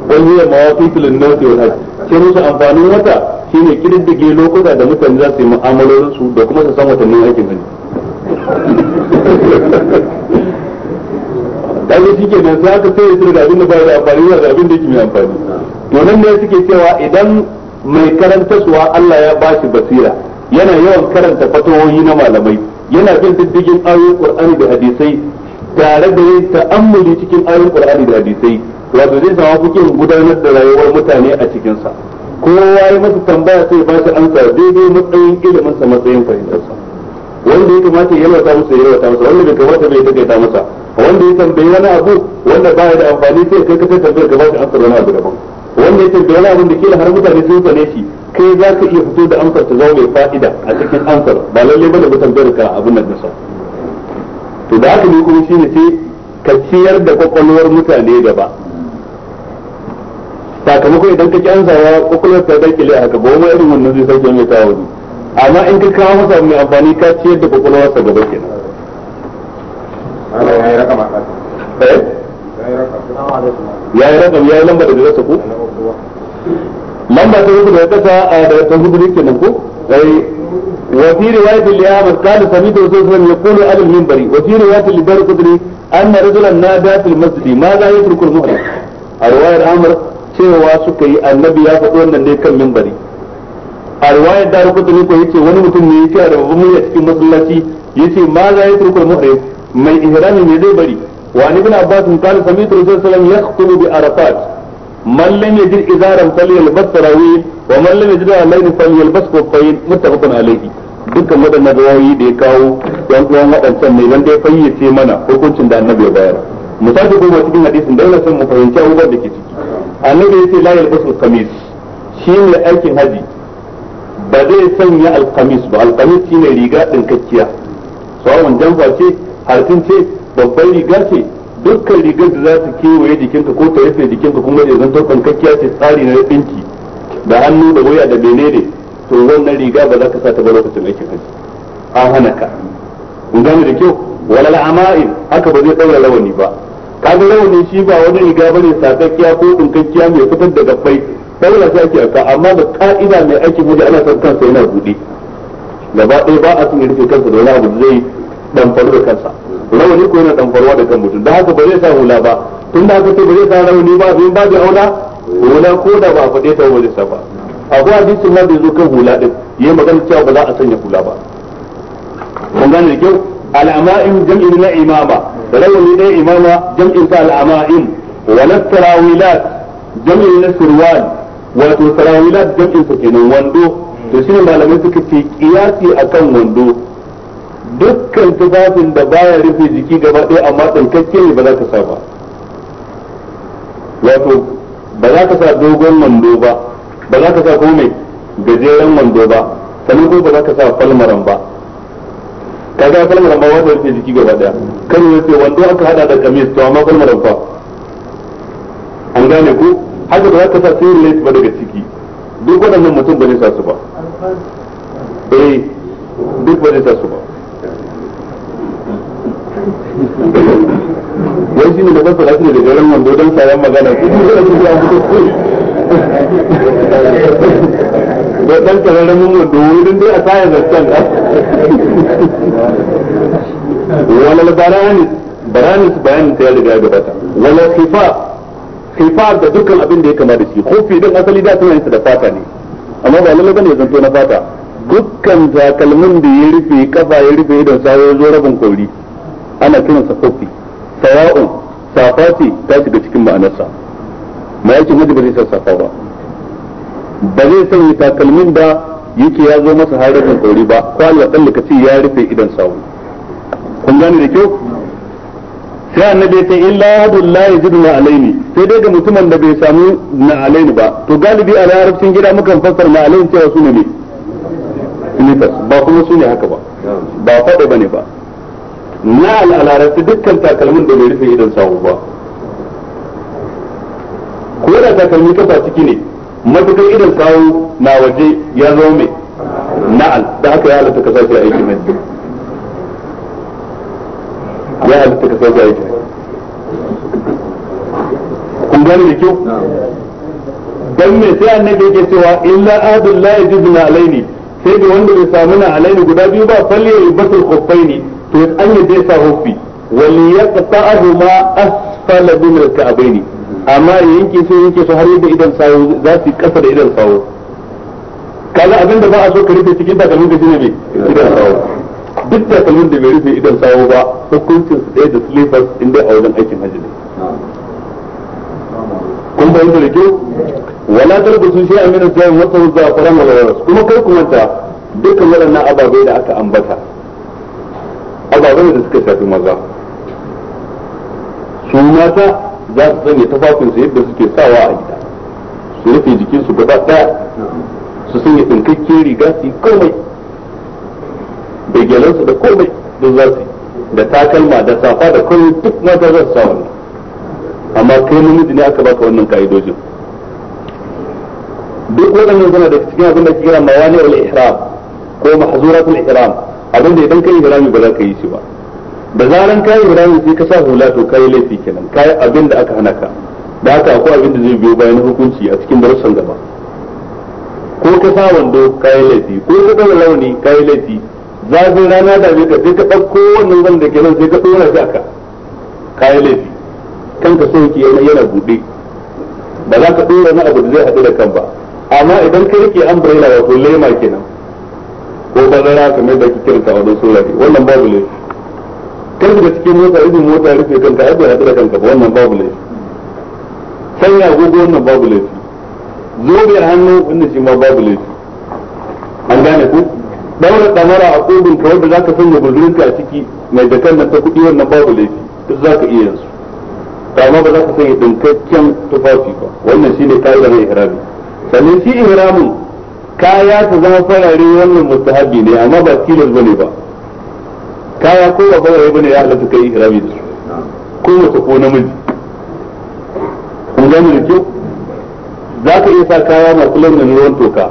wal hiya mawaqitu lin-nas wal hajj sai musu amfani wata shine kididdige lokuta da mutane za su yi mu'amalolin su da kuma su san watannin aikin hajji dai shi ke nan sai ka sai da abin da ba da amfani ba da abin da yake mai amfani to nan ne suke cewa idan mai suwa Allah ya bashi basira yana yawan karanta fatawoyi na malamai yana bin diddigin ayoyin Qur'ani da hadisai tare da yin ta'ammuli cikin ayoyin Qur'ani da hadisai wato zai samu fikin gudanar da rayuwar mutane a cikinsa kowa ya masa tambaya sai ba shi amsa daidai matsayin sa matsayin fahimtarsa wanda ya kamata ya yalwata masa ya yalwata masa wanda bai kamata bai takaita masa wanda ya tambayi wani abu wanda ba da amfani sai kai ka tambayar ka ba shi ansa wani abu daban wanda ya tambayi wani abu da kila har mutane sun sane shi kai za ka iya fito da amsar ta zama mai fa'ida a cikin amsar ba lallai ba da ba tambayar ka abin nan nasa to da haka ne kuma ne sai ka ciyar da kwakwalwar mutane gaba sakamako idan ka ki zawa kwakwalwar ta dakile a haka wani irin wannan zai sauke mai kawo ne amma in ka kawo masa mai amfani ka ciyar da kwakwalwar sa gaba kenan ya yi rakam eh? ya yi lamba da zai ku lamba ta hudu ya kasa a da ta hudu ne kenan ko وفي رواية لأحمد قال سمعت رسول الله يقول على المنبر وفي رواية لدار أن رجلا نادى في المسجد ماذا يترك المؤمن؟ رواية cewa suka yi annabi ya faɗi wannan ne kan minbari a riwayar da rubuta ne ko yace wani mutum ne yake da babban murya cikin masallaci yace ma za ya turkul muhrim mai ihrami ne zai bari wa ni ibn abbas qala sami'tu rasulullah sallallahu alaihi wasallam yakhutubu bi arafat man lam yajid izaran falyalbas tarawih wa man lam yajid alayhi falyalbas khuffayn muttafaqun alayhi dukkan waɗannan rawayoyi da ya kawo yan uwan waɗancan ne wanda ya fayyace mana hukuncin da annabi ya bayar misali ko cikin hadisin da yana son mu fahimci abubuwan da ke ciki annabi yace la yalbasu al-qamis shi ne aikin haji ba zai sanya al-qamis ba al-qamis ne riga dinkakkiya sawan jamfa ce harfin ce babbar riga ce dukkan rigar da za ta kewaye jikinka ko ta rufe jikinka kuma ya zanto dinkakkiya ce tsari na dinki da hannu da waya da menene to wannan riga ba za ka sa ta ba lokacin aikin haji an hana ka kun gane da kyau wala amain haka ba zai daura lawani ba kaga rawani shi ba wani riga bane sakakkiya ko dinkakkiya mai fitar da gabbai daura shi ake aka amma da ka'ida mai aiki bude ana son kansa yana bude gaba ɗaya ba a san ya rufe kansa da wani abu zai damfaru da kansa rawani ko yana damfaruwa da kan mutum da haka ba zai sa hula ba tun da haka sai ba zai sa rawani ba zai ba da aula hula ko da ba a faɗe ta ba abu sa ba akwai hadisin da zo kan hula din yayi magana cewa ba za a sanya hula ba mun gane da kyau alama'in jam'in na imama rawani ɗaya imama jam'in sa wa wala sarawilat jam'in na surwan wato sarawilat jam'in su kenan wando to shine malamai suka ce kiyasi akan wando dukkan tufafin da baya rufe jiki gaba ɗaya amma tsankakke ne ba za ka sa ba wato ba za ka sa dogon wando ba ba za ka sa kome gajeren wando ba sannan ko ba za ka sa falmaran ba kaga kalmar ba wanda yake jiki gaba daya kan yace wando aka hada da kamis to amma kalmar ba an gane ku haka ba za ka sa sai lace ba daga ciki duk waɗannan mutum ba ne sa su ba eh duk ba ne sa su ba wai shi ne da kasa lafiya da garin wando don sayan magana ko da shi ya fito da ɗan tsararren mun da wurin dai a kayan zancen ah. walal barani barani su bayanin ta ya riga ya gabata walal khifa khifa da dukkan abin da ya kama da shi kofi din asali da suna yinsa da fata ne amma ba lalle bane zanto na fata dukkan takalmin da ya rufe kafa ya rufe idan sa ya zo rabin kauri ana kiransa kofi sawa'un safa ce ta shiga cikin ma'anarsa ma yake mutum ba zai sa safa ba ba zai sanya takalmin ba yake ya zo masa harafin kauri ba kwallo tsallaka ce ya rufe idan sawu kun gane da kyau sai annabi ta illa hadul la yajidu ma alaini sai dai ga mutumin da bai samu na alaini ba to galibi a larabcin gida mukan fassara na alaini cewa su ne ne silifas ba kuma su ne haka ba ba faɗa ba ne ba na al'alarabci dukkan takalmin da bai rufe idan sawu ba ko da takalmi kafa ciki ne matukar idan kawo na waje ya zo mai na'al da haka ya halatta ka sake aiki mai ya halatta ka sake aiki kun gane da kyau dan me sai annabi yake cewa illa adul la yajibna alaini sai da wanda bai samu na alaini guda biyu ba falle ya basul khuffaini to an yi dai sa hufi wal yaqta'ahu ma asfala min al-ka'baini amma ya yanke so yanke so har yadda idan sawo za su kasa da idan sawo kaga abin da ba a so ka rufe cikin takalmin da shine mai idan sawo duk takalmin da bai rufe idan sawo ba hukuncin su ɗaya da slippers in dai a wajen aikin hajji ne kun fahimta da kyau wala sun shay'an min az-zayn wa a wal ras kuma kai kuma ta dukkan waɗannan ababai da aka ambata ababai da suka shafi maza su mata za su sanya su yadda suke sawa a gida su rufe jikinsu gaba daya su sanya ɗinkakken riga su yi komai da su da komai duk za su da takalma da safa da komai duk mata za su sa amma kai namiji ne aka baka wannan ka'idojin duk waɗannan suna da cikin abin da ke kira mawani al-ihram ko mahzuratul ihram abin da idan kai ihrami ba za ka yi shi ba da zaran kayi ihrami sai ka sa hula to kayi laifi kenan kayi abin da aka hana ka da haka akwai abin da zai biyo bayan hukunci a cikin darussan gaba ko ka sa wando kayi laifi ko ka ɗaga launi kayi laifi zafin rana da zai ka sai ka ɗauko wannan zan da kenan sai ka ɗora shi aka kayi laifi kanka sauki yana yana buɗe ba za ka ɗora na abu da zai haɗu da kan ba amma idan ka rike umbrella wato lema kenan ko bazara kamar da kike kirka wadon sura wannan babu laifi kan shiga cikin mota irin mota rufe kanka ya bai da kanka ba wannan babu laifi sanya agogo wannan babu laifi zobe a hannu wannan shi ma babu laifi an gane ku daura damara a kobin ka wanda zaka sanya buzurinka a ciki mai da nan ta kuɗi wannan babu laifi duk zaka iya yanzu amma ba za ka sanya dinkakken tufafi ba wannan shine kaidar ihrami sannan shi ihramin kaya ta zama farare wannan mustahabi ne amma ba tilas bane ba kaya ko ba bawa bane ya halatta kai ihrami da su ko wata ko namiji kun gani da kyau za ka iya sa kaya masu launin ruwan toka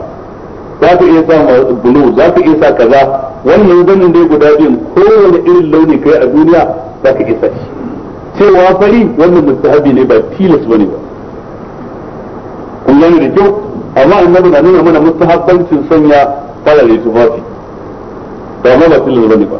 za ka iya sa bulu za ka iya sa kaza wannan zanin dai guda biyun kowane irin launi kai a duniya za ka iya sa shi cewa fari wannan mustahabi ne ba tilas bane ba kun gani da kyau amma annabi na nuna mana mustahabbancin sanya farare tufafi ba ma ba tilas bane ba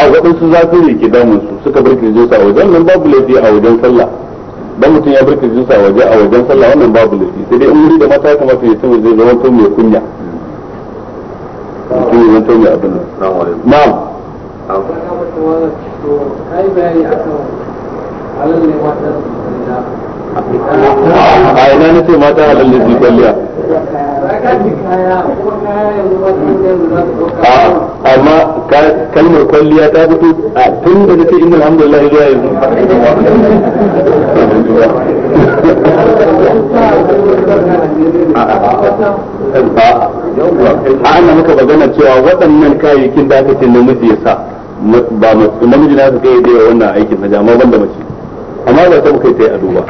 a waɗansu zafi ne ke damun su suka bar kirjinsu a wajen nan babu laifi a wajen sallah dan mutum ya bar kirjinsu a waje a wajen sallah wannan babu laifi sai dai in wuri da mata ya kamata ya sanya zai zama mai kunya mutum ya zanto mai abin nan na'am a ina nace mata halal ne su kwalliya amma kalmar kwalliya ta fito a tun da nake inda alhamdulillah zuwa yanzu a ana muka magana cewa waɗannan kayayyakin da aka ce namiji ya sa ba namiji na su kai da wannan aikin na jama'a banda mace amma ba ta muka yi ta yi a duba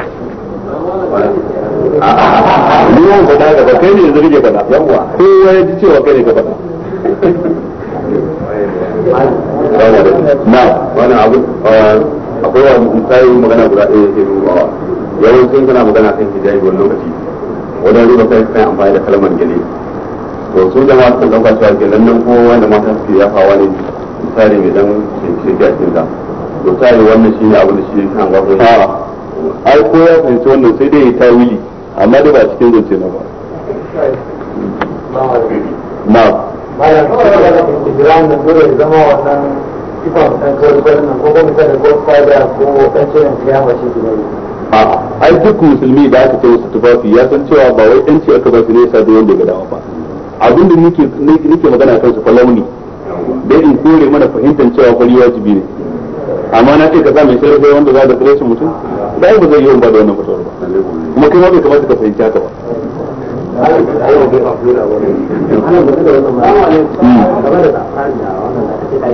ni yan faɗa da ba kai ne yanzu kake faɗa yawa kowa ya ji cewa kai ne ka faɗa na wani abu eh, akwai wa misali magana guda ɗaya yake dubawa yawancin kana magana kan hijabi wani lokaci wajen riba kai kan amfani da kalmar gele to su jama'a suka ɗauka cewa gelen nan ko wanda mata suke yafawa ne misali mai dan shirki a cikin ta to wannan shi ne abu da shi kan gwagwai ai ko ya fahimci wannan sai dai ya tawili amma dai ba cikin zance na ba na ba ya kuma da jiran da dole zama wannan kifan dan kawai barin nan ko kuma da ko fada ko kan cikin kiyama shi ne a'a ai duk musulmi da aka ce masa tufafi ya san cewa ba wai yanci aka ba su ne yasa da wanda ya dawa ba abin da nake nake magana kan su fa launi dai in kore mana fahimtar cewa fari wajibi ne amma na ce ka sa mai sayar wanda za da farashin mutum da ai ba zai yi ba da wannan fatawar ba kuma kai ma bai kamata ka fahimci haka ba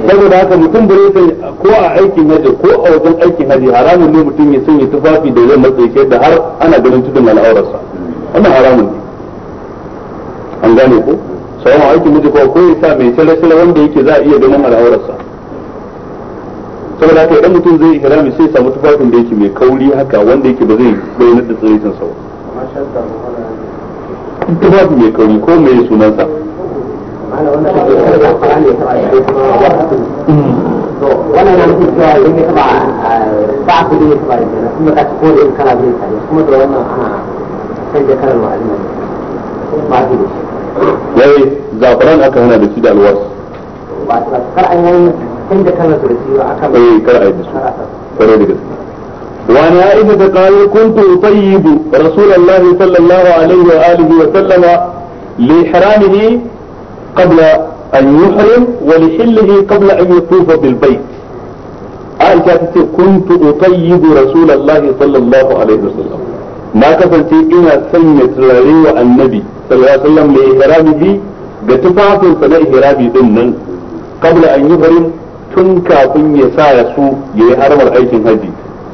saboda haka mutum da zai ko a aikin haji ko a wajen aikin haji haramun ne mutum ya sanya tufafi da zai matsayi da har ana ganin tudun al'aurarsa wannan haramun ne an gane ko sauran aikin haji ko ko ya sa mai shirar wanda yake za a iya ganin al'aurarsa saboda haka idan mutum zai ihrami sai samu tufafin da yake mai kauri haka wanda yake ba zai bayyana da tsiritin sa tufafi mai kauri ko mai sunansa wannan ya da da da da zafaran aka hana da shi da alwas ba yi inda kana turkiwa akan eh kar a yi su kare da gaske وعن عائشة قال كنت أطيب رسول الله صلى الله عليه وآله وسلم لإحرامه قبل أن يحرم ولحله قبل أن يطوف بالبيت عائشة تقول كنت أطيب رسول الله صلى الله عليه وسلم na kasance ina sanya turare wa annabi sallallahu alaihi wasallam li ihramihi ga tufafinsa na ihrami din nan qabla an yuhrim tun kafin ya sa ya su ya yi harbar aikin haji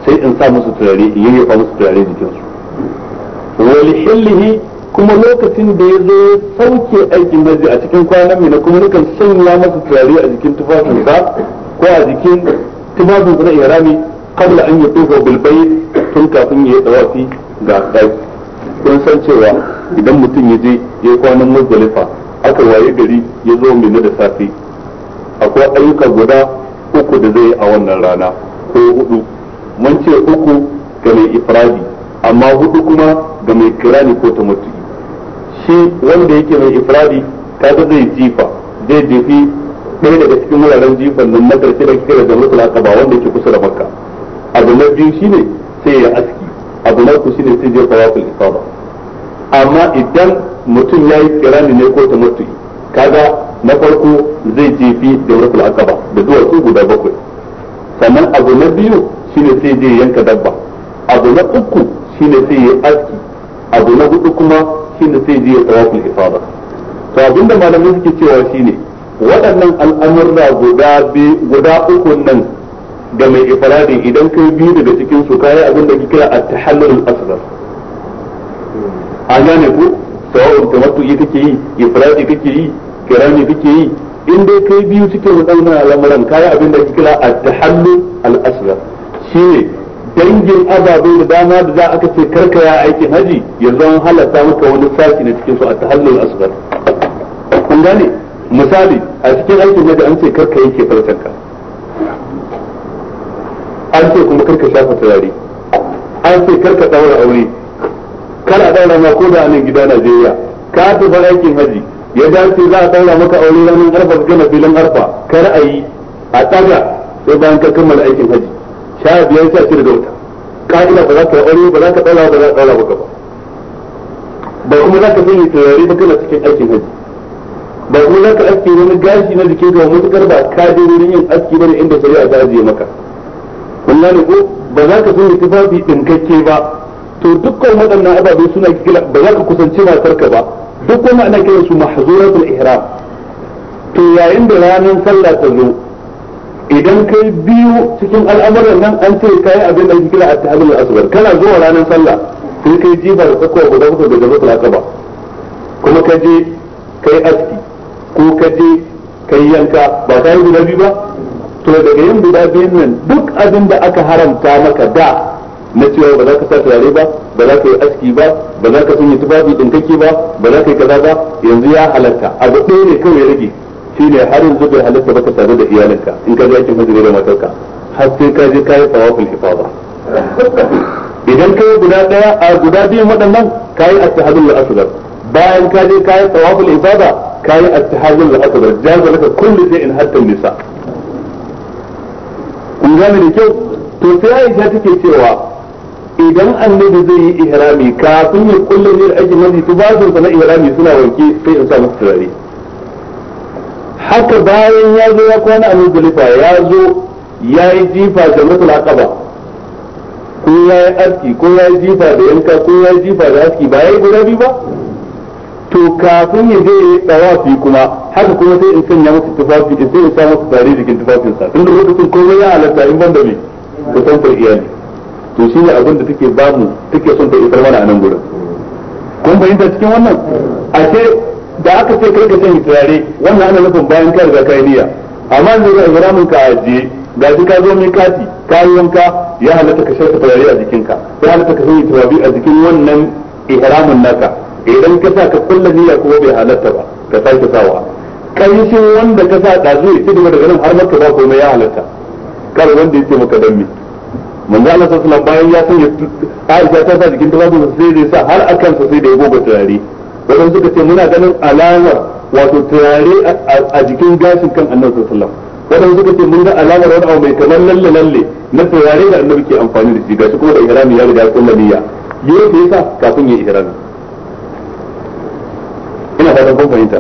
sai in sa musu turare ya yi fa musu turare jikinsu wani kuma lokacin da ya zo sauke aikin haji a cikin kwanan na kuma nukan sanya masa turare a jikin tufafinsa ko a jikin tufafinsa na irami kabla an yi tufa bilbai tun kafin ya yi tsawafi ga ɗaki kun san cewa idan mutum ya je ya yi kwanan muzdalifa aka waye gari ya zo na da safe akwai ayyuka guda uku da zai yi a wannan rana ko hudu mun ce uku ga mai ifradi amma hudu kuma ga mai kirani ko tamattu'i shi wanda yake mai ifradi kaga zai jifa zai jifi ɗaya daga cikin wuraren jifan nan na karshe da kira da mutul ba wanda ke kusa da makka abu na biyu shine sai ya aski abu na uku shine sai jefa wafil ifada amma idan mutum ya yi kirani ne ko ta tamattu'i kaga na farko zai jefi da wurin akaba da su guda bakwai sannan abu na biyu shine sai je yanka dabba abu na uku shine sai ya aski abu na hudu kuma shine sai je ya tawaful ifada to abinda malamai suke cewa shine waɗannan al'amurra guda guda uku nan ga mai ifradi idan kai biyu daga cikin su kai abin da kike a tahallul asghar an gane ko sawa'un tamattu kake yi ifradi kake yi kirani kake yi in dai kai biyu suke wadannan al'amuran kayi abin da kira a at-tahallul al shi ne dangin ababe da dama da za aka ce karkaya aikin haji ya zama halatta maka wani sashi na cikin su at-tahallul asghar kun gane misali a cikin aikin haji an ce karka yake farcanka an ce kuma karka shafa turare an ce karka daura aure kar a daura ma ko da nan gida Najeriya ka tafi aikin haji ya dace za a daura maka aure ranar arfa ga gama filin arfa ka ra'ayi a tsaga sai bayan ka kammala aikin haji sha biyar sha shida da wata ka'ida ba za ka aure ba za ka daura ba za ka daura maka ba ba kuma za ka sanya turare ba kana cikin aikin haji ba kuma za ka aske wani gashi na jikin ka matukar ba ka je wurin yin aski ne inda shari'a ta ajiye maka kuma ne ko ba za ka sanya tufafi dinkakke ba to dukkan waɗannan ababe suna kila ba za ka kusance matarka ba duk wanda ana kiran su mahzuratul ihram to yayin da ranar sallah ta zo idan kai biyu cikin al'amuran nan an ce kai abin da kira at-tahallul asghar kana zuwa ranar sallah sai kai jibar da tsakowa guda da jazatul aqaba kuma ka je kai aski ko ka je kai yanka ba ta yi guda biyu ba to daga yin guda biyun nan duk abin da aka haramta maka da na cewa ba za ka sa turare ba ba za ka yi aski ba ba za ka sanya tufafi dinkake ba ba za ka yi kaza ba yanzu ya halatta abu ɗaya ne kawai rage shine har yanzu bai halatta ba ka sadu da iyalinka in ka je aikin hajji da matarka har sai ka je ka yi tawaful ifada idan ka yi guda ɗaya a guda biyun waɗannan ka yi attihadul asgar bayan ka je ka yi tawaful ifada ka yi attihadul asgar jaza laka kullu shay'in hatta nisa kun gane da kyau to sai ta take cewa idan annabi zai yi ihrami kafin ya kulle ne aikin su ba tufafinsa na ihrami suna wanke sai in sa musu turare haka bayan ya zo ya kwana a muzdalifa ya zo ya yi jifa da mutul kaba, ko ya yi aski ko ya yi jifa da yanka ko ya yi jifa da aski ba ya yi guda biyu ba to kafin ya je tsawafi kuma haka kuma sai in sanya musu tufafi sai in sa musu tare jikin tufafinsa tun da lokacin komai ya halatta in ban da me kusantar iyali to shine abin da take ba mu take son ta isar mana a nan gurin kun fahimta cikin wannan ce da aka ce kai ka sanya turare wannan ana nufin bayan ka riga kai niyya amma ne ga ihramin ka ajiye ga shi ka zo mai kati ka yi wanka ya halatta ka shafa turare a jikinka ya halatta ka sanya turare a jikin wannan ihramin naka idan ka sa ka kulla niyya kuma bai halatta ba ka sake sawa shi wanda ka sa ɗazu ya ci daga nan har maka ba komai ya halatta kar wanda yake maka dan manzo Allah sallallahu bayan ya sanya Aisha ta sa jikin tufafin sa sai da sa har akan sa sai da ya goga turare wannan suka ce muna ganin alamar wato turare a jikin gashin kan Annabi sallallahu alaihi suka ce mun ga alamar wani abu mai kamar lalle lalle na turare da Annabi ke amfani da shi gashi kuma da ihrami ya riga kullu niyya yayin da yasa kafin ya ihrami ina fatan kun fahimta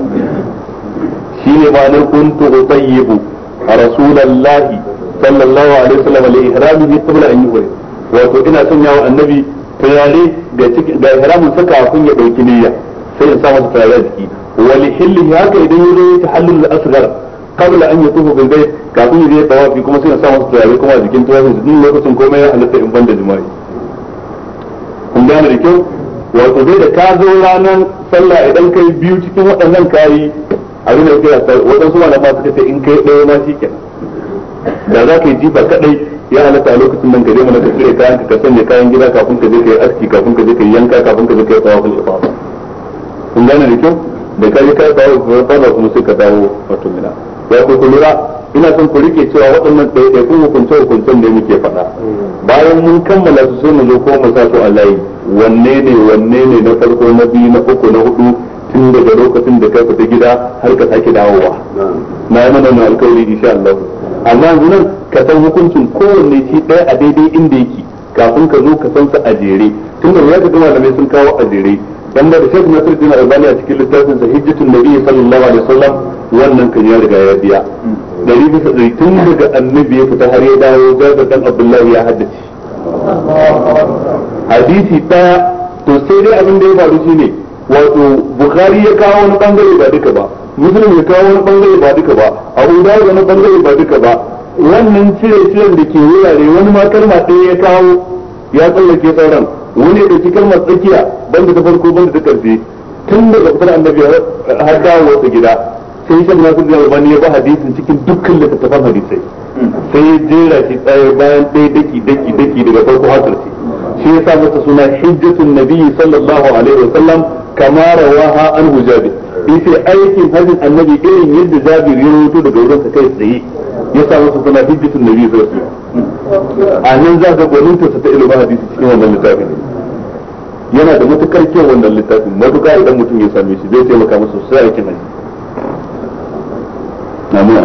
shine ma'anar kuntu utayyibu rasulullahi sallallahu alaihi wasallam li ihramihi qabla an yuhrim wato ina sanya wa annabi turare da cikin da ihramin sa kafin ya dauki niyya sai in sa masa turare a jiki wa li hillihi haka idan ya zo tahallul asghar qabla an yatufu bil bayt kafin ya je tawafi kuma sai in sa masa turare kuma a jikin tawafin duk lokacin komai ya halatta in banda jima'i kun gane da kyau wato dai da ka zo ranar sallah idan kai biyu cikin waɗannan kayi abin da kai waɗansu malama suka ce in kai ɗaya ma shi da za ka yi jifa kadai ya halatta a lokacin nan ka je mana ka cire kayan ka sanya kayan gida kafin ka je ka yi aski kafin ka je ka yi yanka kafin ka je ka yi tsawafin ifafa kun gane da kyau da ka je ka yi tsawafin ifafa kuma sai ka dawo wato mina ya ku ku lura ina son ku rike cewa waɗannan ɗaiɗaikun hukunce hukuncen ne muke faɗa bayan mun kammala su sai mu zo ko mu sa su a layi wanne ne wanne ne na farko na biyu na uku na hudu tun daga lokacin da ka fita gida har ka sake dawowa na yi mana alkawari insha Allah amma yanzu nan ka san hukuncin kowanne ci ɗaya a daidai inda yake kafin ka zo ka san su a jere tun tunda ya ga malamai sun kawo a jere dan da Sheikh Nasiruddin Albani a cikin littafin sa Hijjatul Nabi sallallahu alaihi wasallam wannan kan ya riga ya biya dari bisa dari tun daga annabi ya fita har ya dawo da dan Abdullahi ya haddace hadisi ta to sai dai abin da ya faru shine wato Bukhari ya kawo wani bangare ba duka ba musulun ya kawo wani bangare ba duka ba a uda wani bangare ba duka ba wannan cire cire da ke wurare wani ma kalma ɗaya ya kawo ya tsallake tsaron wani ya ɗauki kalmar tsakiya ban ta farko ban da ta karfe tun daga fitar annabi har dawo wasu gida sai shan na da zama ya ba hadisin cikin dukkan littattafan hadisai sai ya jera shi tsaye bayan ɗaya daki daki daki daga farko har ƙarshe shi ya sa masa suna hijjatun nabi sallallahu alaihi wa sallam kama rawaha an hujjabi yace aikin hajjin annabi irin yadda Jabir ya rawaito daga wurin sa kai tsaye ya sa wasu suna hijjatun nabi sallallahu alaihi wasallam a nan za ka gwanin ta ta ilmu hadisi cikin wannan littafin yana da matukar kyau wannan littafin matuka idan mutum ya same shi zai taimaka masa sosai aikin hajji namu.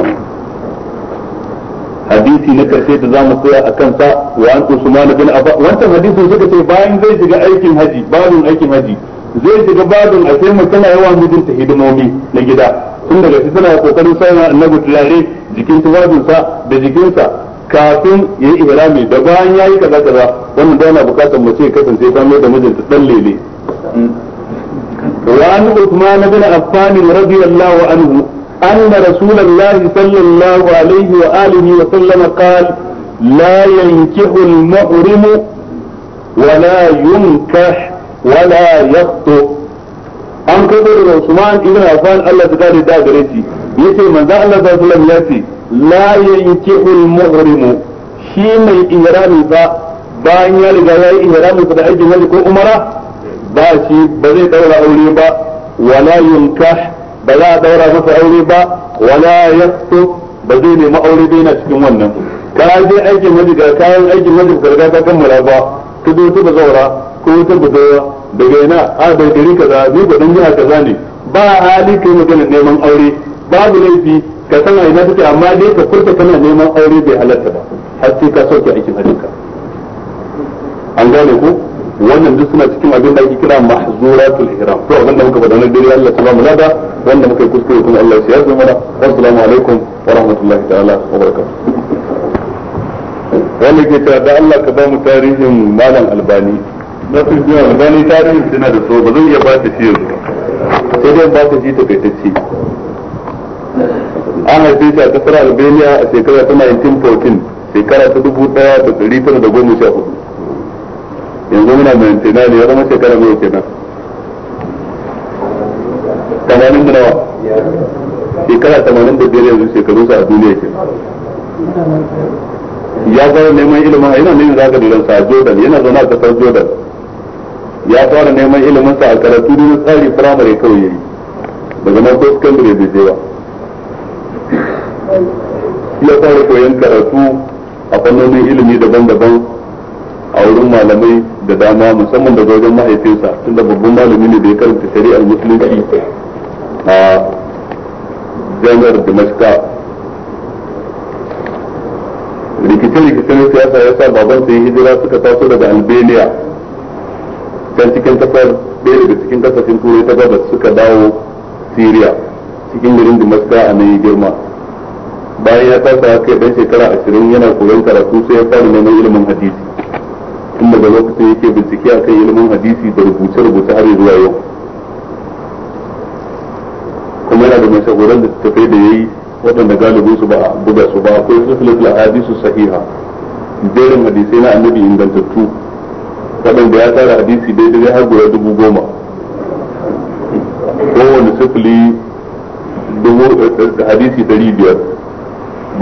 hadisi na karshe da zamu koya a kansa wa an Usman bin abba wannan hadisin suka ce bayan zai shiga aikin haji babin aikin haji zai shiga babin a sai mutum na yawan mijinta hidimomi na gida tun daga shi tana kokarin sayan annabi turare jikin tufafinsa da jikinsa kafin ya yi ihrami da bayan ya yi kaza kaza wannan da yana bukatar mace ya kasance ta mai da mijinta dan lele وعن عثمان بن عفان رضي الله عنه أن رسول الله صلى الله عليه وآله وسلم قال لا ينكح المحرم ولا ينكح ولا يخطئ an kai da Usman ibn Affan Allah ta kare da gare shi yace manzo Allah sallallahu alaihi wasallam yace la yankihu al-muhrim shi mai ihrami ba bayan ya riga ya yi ihrami da aiki hajji ko umara ba shi ba zai daura aure ba wala yunkah ba za a daura masa aure ba wala yaktu ba zai nemi aure dai na cikin wannan ka je aikin hajji ga kayan aikin hajji ka ka kammala ba ka zo ta zaura ko wata budowa daga yana a gari kaza ni ba dan jiha kaza ne ba hali kai magana neman aure babu laifi ka san ina take amma dai ka furta kana neman aure bai halatta ba har sai ka sauke aikin hajjinka an gane ku wannan duk suna cikin abin da ake kira mahzuratul ihram to abin da muka faɗa nan dai Allah ta mu lada wanda muka yi kuskure kuma Allah ya yarda mana assalamu alaikum wa rahmatullahi ta'ala wa barakatuh wani ke cewa da Allah ka ba mu tarihin malam albani na su biya albani tarihi suna da so ba zan iya ba ta shi yanzu sai dai ba ta ci ta shi takaitacce an haife shi a kasar albania a shekara ta 1914 shekara ta dubu daya da dari tara da goma sha hudu yanzu muna maintaina ne ya zama shekara mai kenan tamanin da nawa shekara tamanin da biyar yanzu shekaru sa a duniya ke ya zama neman ilimin yana neman zaka da ransa a jordan yana zaune a kasar jordan ya fara neman ilimin sa a karatu da tsari firamare kawai yayi daga nan ko secondary bai je ba ya fara koyon karatu a fannonin ilimi daban-daban a wurin malamai da dama musamman daga wajen mahaifinsa tunda babban malami ne da ya karanta shari'ar musulunci a jami'ar damascus rikice-rikice na siyasa ya sa baban sai hijira suka taso daga albania dan cikin kasar ɗaya daga cikin kasashen turai ta gabas suka dawo siriya cikin garin maska a nan girma bayan ya tsasa kai dan shekara ashirin yana koyon karatu sai ya fara neman ilimin hadisi tun daga lokacin yake bincike akan ilimin hadisi da rubuce-rubuce har zuwa yau kuma yana da mashahuran da tafai da ya yi waɗanda galibin su ba a buga su ba akwai sufilul hadisu sahiha jerin hadisai na annabi ingantattu da ya tsara hadisi daidai har guda dubu goma kowane sifili eh, hadisi dari biyar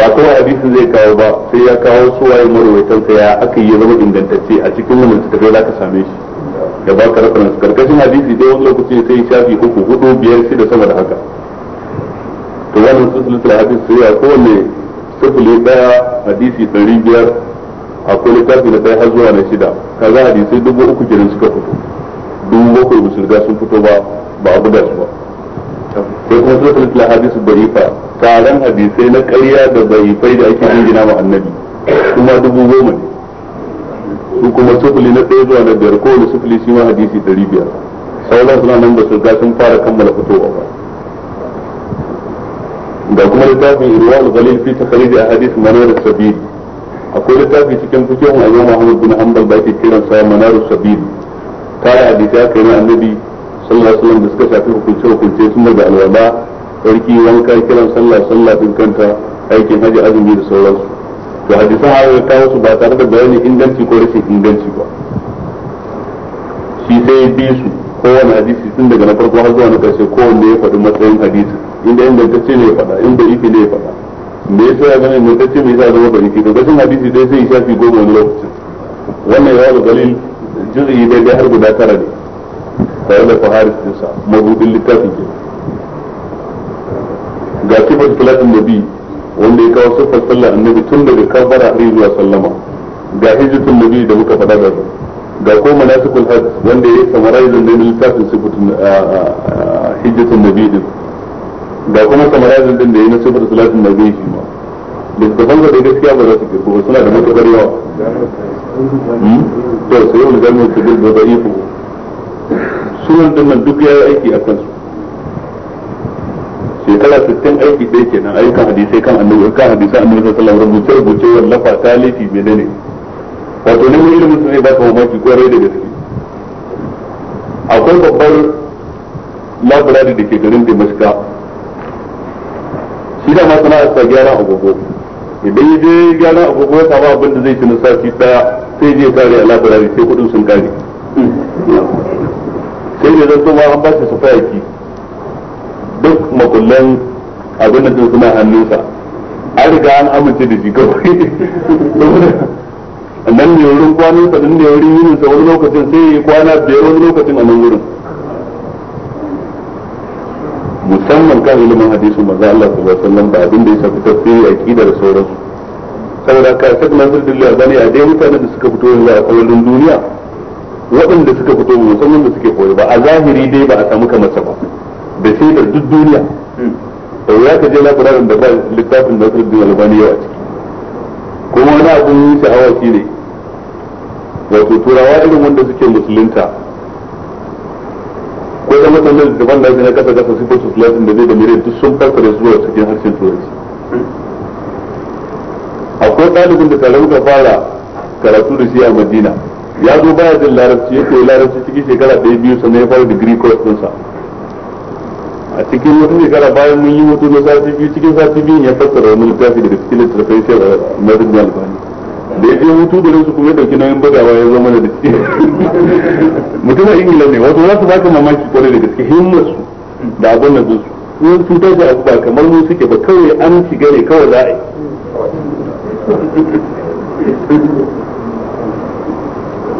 ba kawai hadisin zai kawo ba sai ya kawo suwaye marawaitan sa ya aka yi zama ingantacce a cikin wani littattafai za ka same shi da ba ka nasu karkashin hadisi dai wani lokaci sai shafi uku hudu biyar shida sama da haka to wannan silsilar hadisi sai ya kowane sifili ɗaya hadisi dari biyar akwai littafi na ɗaya har zuwa na shida kaga hadisai dubu uku jirin suka fito dubu bakwai ba su riga sun fito ba ba a buga su ba sai kuma suratul fil hadisu da'ifa taron hadisai na ƙarya da da'ifai da ake jingina ma annabi kuma dubu goma ne su kuma sufuli na ɗaya zuwa na biyar kowane sufuli shi ma hadisi ɗari biyar sauran suna nan ba su riga sun fara kammala fitowa ba da kuma littafin irwa al-ghalil fi takhrij ahadith manar sabil akwai littafi cikin fushin a yau Muhammad bin Hanbal da ake kiran sa Manarus Sabil tara hadisi aka yi annabi sallallahu alaihi wasallam da suka shafi hukunce hukunce sun da alwala sarki wanka kiran sallah sallah din kanta aikin haji azumi da sauransu to hadisan ayoyi kawo su ba tare da bayani inganci ko rashin inganci ba shi sai bi su kowane hadisi tun daga na farko har zuwa na karshe kowanne ya faɗi matsayin hadisi inda ce ne ya faɗa inda yake ne ya faɗa da ya yasa ya zama mutacce mai sa zama bariki to gashin hadisi dai sai shafi goma wani lokacin wannan ya zo dalil juz'i dai dai har guda tara ne tare da fahari su sa mabudin littafin ke ga kifar salatin nabi wanda ya kawo siffar sallar annabi tun daga kafara a zuwa sallama ga hijjatul nabi da muka faɗa da ga ko manasikul hajj wanda ya yi samarai zan da yi littafin sifatun ah, ah, ah, hijjatul nabi din da kuma samarazin din da yi na sifar salatin na biyu shi ma littafan da gaskiya ba za su kirku ba suna da matuƙar yawa hmm? to sai wani gami su bil da ko sunan din nan duk ya yi aiki a kansu shekara 60 aiki ɗaya kenan ayyukan hadisai kan annabi kan hadisan annabi sallallahu alaihi wasallam rubuce rubuce wallafa talifi menene wato ne mun ilimin su zai baka mamaki kwarai da gaske akwai babbar labirari da ke garin da Damascus shi da ma sana'ar sa gyara agogo idan ya gyara agogo ya abin da zai ci na sati daya sai je kare a sai kudin sun kare sai ne zan ma an duk makullan da hannunsa an riga an amince da shi kawai nan ne wurin nan ne wurin yininsa wani lokacin sai ya kwana biyar wani lokacin a nan wurin musamman kan ilimin hadisin manzo Allah su alaihi wasallam ba abin da ya shafi tafsiri aqida da sauransu saboda ka sai Nasir Dillah dillu a dai mutanen da suka fito yanzu a kawalin duniya waɗanda suka fito musamman da suke koyo ba a zahiri dai ba a samu kamar sa ba da sai da duk duniya to ya ka je labarin da ba littafin dillu Dillah bane yawa ciki kuma wani abun sha'awa shine wato turawa irin wanda suke musulunta ko da mutanen da daban da na kasa kasa sifatu salatin da zai da mire duk sun da zuwa cikin harshen turanci akwai dalibin da tare ka fara karatu da shi a madina ya zo baya jin larabci ya koyi larabci cikin shekara ɗaya biyu sannan ya fara digiri course ɗinsa a cikin wata shekara bayan mun yi hutu na sati biyu cikin sati biyu ya fassara wani littafi daga cikin littattafai sai a madina da ya je hutu da su kuma ya dauki nauyin badawa ya zama da dace mutumin ingila ne wato za su baka mamaki kwarai da gaske himmar su da abin da su sun su ta abu ba kamar mu suke ba kawai an shiga ne kawai za a yi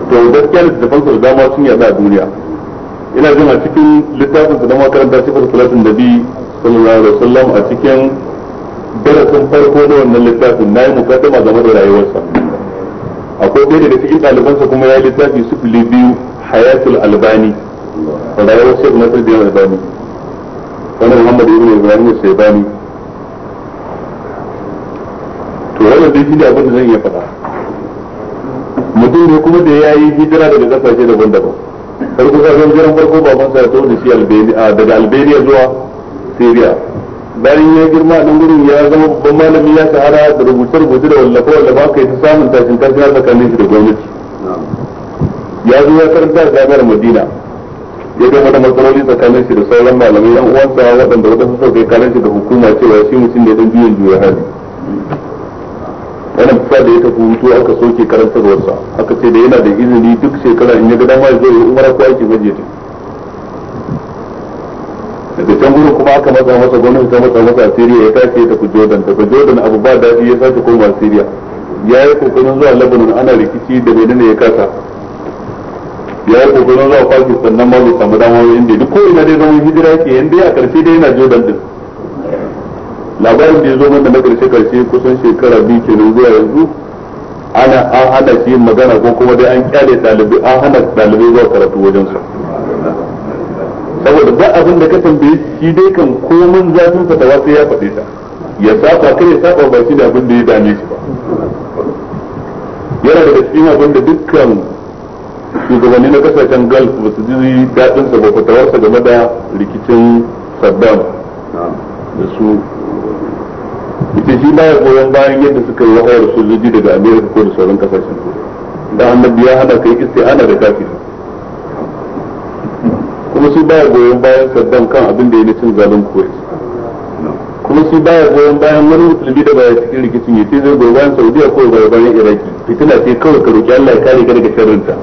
to gaskiya tafan su da dama sun yada a duniya ina jin a cikin littafin su da makaranta cikin salatin da bi sallallahu alaihi wasallam a cikin darasin farko na wannan littafin na yi mukaddama game da rayuwarsa akwai ɗaya daga cikin ɗalibansa kuma ya littafi fili biyu hayatul albani rayuwar shek nasir biyan albani wani muhammad ibn ibrahim shaibani to wannan dai shine abin da zan iya faɗa mutum ne kuma da ya yi hijira daga ƙasashe daban-daban farko sa zan jiran farko baban ya tawo da shi daga albania zuwa syria bayan ya girma a gurin ya zama babban malami ya shahara da rubuce rubuce da wallafa wallafa aka yi ta samun tashin tashin tsakanin shi da gwamnati ya zo ya karanta a jami'ar madina ya gama da matsaloli tsakanin shi da sauran malamai yan uwansa waɗanda wata sassa kai kanan shi da hukuma cewa shi mutum ne dan biyan juya hali wannan fita da ya tafi hutu aka soke karantarwarsa aka ce da yana da izini duk shekara in ya ga dama ya zo ya umara ko aiki majiyar daga can gurin kuma aka matsa masa gwamnati ta matsa masa Syria ya tashi ta ku Jordan daga Jordan abu ba daɗi ya sake koma Syria ya yi kokarin zuwa Lebanon ana rikici da menene ya kasa ya yi kokarin zuwa Pakistan nan ma bai samu damar wani inda duk kowane dai zama hijira ke yan dai a karshe dai yana Jordan din labarin da ya zo mana na karshe karshe kusan shekara biyu kenan zuwa yanzu ana an hana shi magana ko kuma dai an kyale ɗalibai an hana ɗalibai zuwa karatu wajen su. saboda ba abin da ka tambaye shi dai kan komin zafin sa da wasu ya faɗe ta ya saba kai ya saba ba shi da abin da ya dame shi ba yana da cikin abin da dukkan shugabanni na kasashen gulf ba su ji daɗin sa ba fatawarsa game da rikicin saddam da su ita shi ba ya goyon bayan yadda suka yi wahayar sojoji daga amerika ko da sauran kasashen da annabi ya hana kai ana da kafin kuma shi baya goyon bayan saddam kan abin da ya cin zalun kuwait kuma shi baya goyon bayan wani musulmi da baya cikin rikicin ya ce zai goyon bayan saudiya ko goyon bayan iraki fitina ce kawai ka roki allah ya kare ka daga sharrinta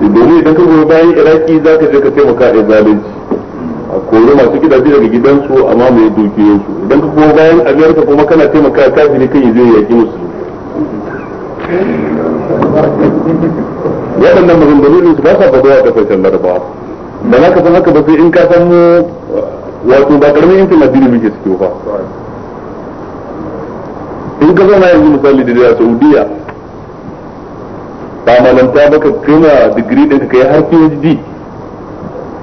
domin idan ka goyon bayan iraki za ka je ka taimaka a zalunci a kori masu gidaje daga gidansu a mamaye dukiyoyinsu idan ka goyon bayan amerika kuma kana taimaka kafin kan yi zai ya yaki musulmi waɗannan maganganu ne su ba sa faɗuwa a ƙasashen larabawa da na ka san haka ba sai in ka san mu wato ba ƙaramin yankin addini muke ciki ba in ka zauna yanzu misali da a saudiya ba malanta baka kama digiri ɗin ka kai har phd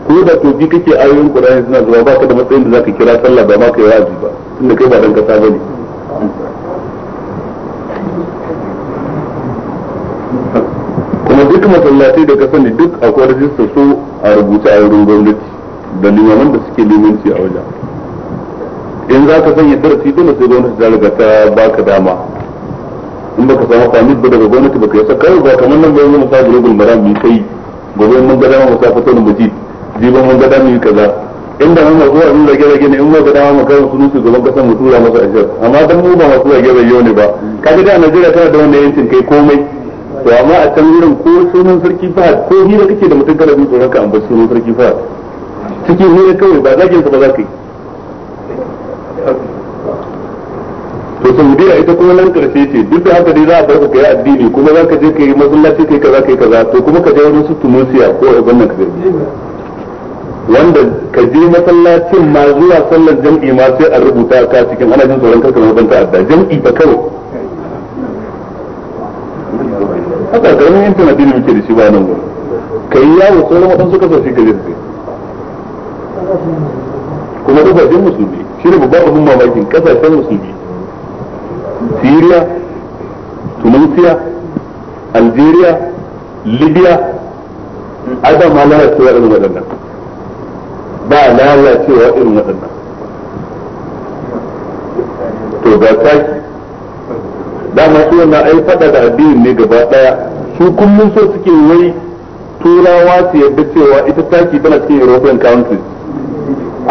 ko da to ji kake ayoyin qur'ani suna zuwa baka da matsayin da zaka kira sallah ba ma kai wajibi ba tunda kai ba dan kasa bane duk masallatai da kasan sani duk akwai rajista su a rubuta a wurin gwamnati da limaman da suke limanci a wajen in za ka sanya darasi dole sai gwamnati ta riga ta baka dama in baka samu kamit ba daga gwamnati ba baka yasa kawai ba kamar nan gwamnati masu abu rubin bara mu kai gwamnati mun ga dama mu sa fatan mujid jiban mun ga dama mu kaza inda mun zuwa mun rage rage ne in mun ga dama mu kai sunu nusu gaban kasan mu tura masa ashir amma dan mu ba masu rage rage ne ba kaga da Najeriya tana da wannan yancin kai komai to amma a can wurin ko sunan sarki fahad ko hira kake da mutum kana jin tsoron an ambaci sunan sarki fahad cikin hira kawai ba zakin ba za ka yi to saudiya ita kuma nan karshe ce duk da haka dai za a bar ka yi addini kuma za ka je ka yi masallaci kai kaza kai kaza to kuma ka je wani su tunisia ko a gwamnati ka wanda ka je masallacin ma zuwa sallar jam'i ma sai a rubuta ka cikin ana jin tsoron karkar mabanta adda jam'i ba kawai haka karamin intanet addini muke da shi ba nan gurin kai yi yawo sauran waɗansu kasashe ka jirgi kuma duk kasashen musulmi shi ne babban abin mamakin kasashen musulmi syria tunisia algeria libya ada ma lalacewa irin waɗannan ba lalacewa irin waɗannan to ga taki dama su na ai fada da addinin ne gaba daya su kullum so suke wai turawa su yadda cewa ita taki tana cikin european countries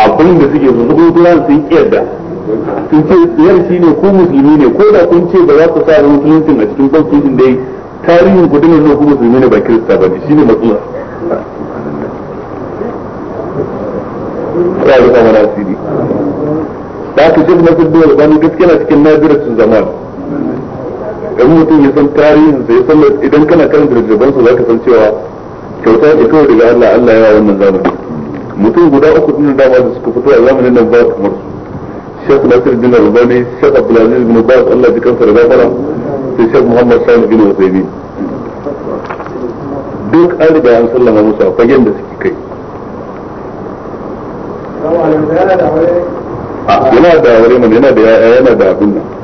abin da suke su zuwa turawa sun kiyarda sun ce yar shi ne ku musulmi ne ko da kun ce ba za ku sa da musuluncin a cikin din dai tarihin ku dinga zuwa ku musulmi ne ba kirista ba ne shine matsala ya rufa na asiri da aka ce na dole ba ni gaskiya na cikin nazirar zaman idan mutum ya san tarihin sai san idan kana karanta littattafan su zaka san cewa kyauta ce kawai daga Allah Allah ya wannan zamani mutum guda uku din da ba su suka fito a zamanin nan ba kamar su Sheikh al Albani Sheikh Abdulaziz bin Baz Allah ya kansa da fara sai Sheikh Muhammad Salih bin Uthaymeen duk an riga an sallama musu a fagen da suke kai yana da wuri ah, mana yana da yaya yana da abin nan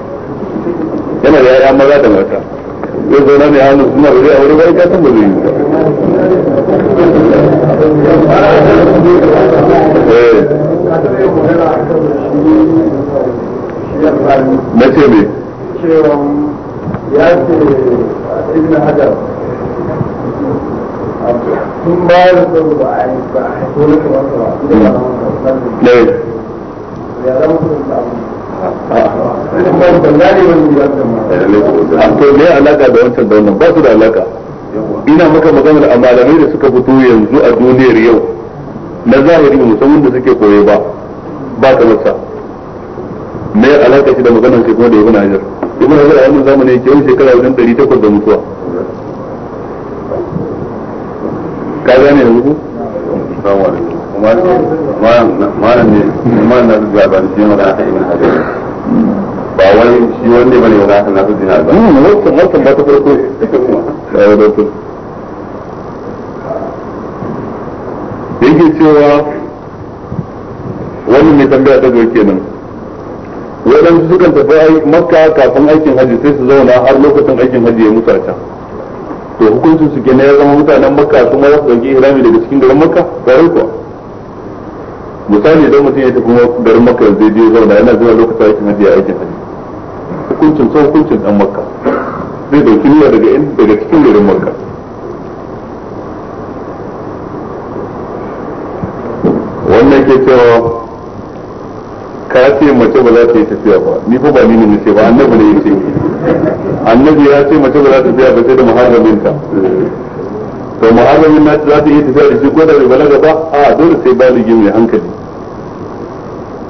yana da yaya maza da mata ya zo mai hannu suna wuri a wuri bai kasan ba zai yi eh. ya ce ibn hajar sun to me alaka da wancan da wannan ba su da alaka ina maka maganar a malamai da suka fito yanzu a duniyar yau na zahiri musamman da suke koye ba ba ta masa me alaka shi da maganar shi kuma da ibn hajar ibn hajar a wannan zamani yake yau shekara wajen 800 da mutuwa ka gane yanzu assalamu alaikum malam ne malam na zuwa ba shi ne aka yi hajji ba wai shi wanda bane wani aka na zuwa ba ne mutum mutum ba ta farko ya da mutum yake cewa wannan ne tambaya ta gobe kenan waɗansu sukan tafi makka kafin aikin hajji sai su zauna har lokacin aikin hajji ya mutu a can to hukuncin su kenan ya zama mutanen makka su ma za su ɗauki irami daga cikin garin makka ba kuwa misali idan mutum ya tafi garin makka zai je zauna yana zuwa lokacin aikin hajji a aikin hajji hukuncin sau hukuncin dan makka zai dauki niyya daga daga cikin garin makka wannan ke cewa ka ce mace ba za ta yi tafiya ba ni ko ba ni ne ce ba annabi ne ya ce annabi ya ce mace ba za ta tafiya ba sai da muharramin to mu'amalar na za ta iya tafiya da shi ko da bai balaga ba a dole sai baligi mai hankali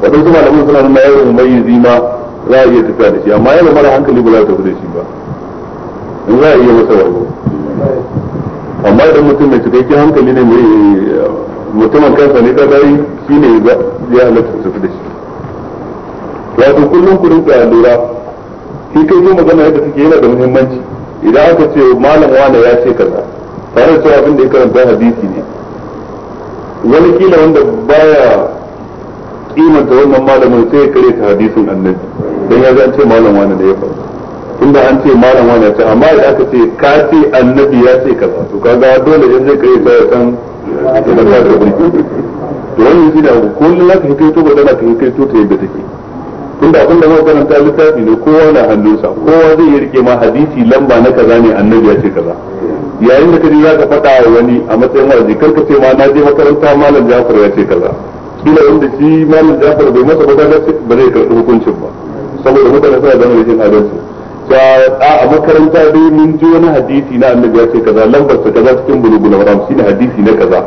waɗansu malamin suna nuna yaro mai zima za a iya tafiya da shi amma yaro mara hankali ba za ta tafi da shi ba in za a iya masa wargo amma idan mutum mai cikakken hankali ne mai mutumin kansa ne ta bayi shi ne ya halatta tafi da shi wato kullum ku rinka lura shi kai magana yadda suke yana da muhimmanci idan aka ce malam wane ya ce kaza tare cewa abin da ya karanta hadisi ne wani kila wanda baya kimanta wannan malamin sai ya kare ta hadisin annabi dan ya zan ce malam wani da ya faru tunda an ce malam wani ce amma idan aka ce ka ce annabi ya ce kaza to kaga dole in zai kare ta san da ta ga burki to wannan shi da kullun zaka kai to ba da ka kai to ta yadda take tunda abin da muka karanta littafi ne kowa na hannunsa kowa zai yi rike ma hadisi lamba na kaza ne annabi ya ce kaza yayin da kaji za ka faɗa wa wani a matsayin wa'azi kar ka ce ma na je makaranta malam Jafar ya ce kaza kila wanda shi malam Jafar bai masa ba kaga ba zai karɓi hukuncin ba saboda mutane suna da rashin adalci ta a makaranta dai mun ji wani hadisi na annabi ya ce kaza lambar sa kaza cikin bulugul shi ne hadisi na kaza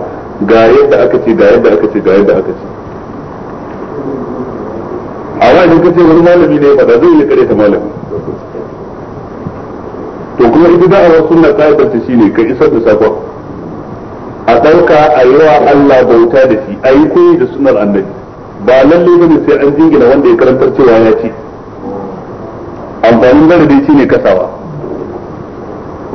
ga yadda aka ce ga yadda aka ce ga yadda aka ce a wani kace ce wani malami ne ya faɗa zai yi kare ta malami to kuma ita da'awar sunna ka'idar ta shine kai isar da sakon a dauka a yi wa Allah bauta da shi a yi koyi da sunnar annabi ba lalle ba ne sai an jingina wanda ya karantar cewa ya ci amfanin gari dai shine kasawa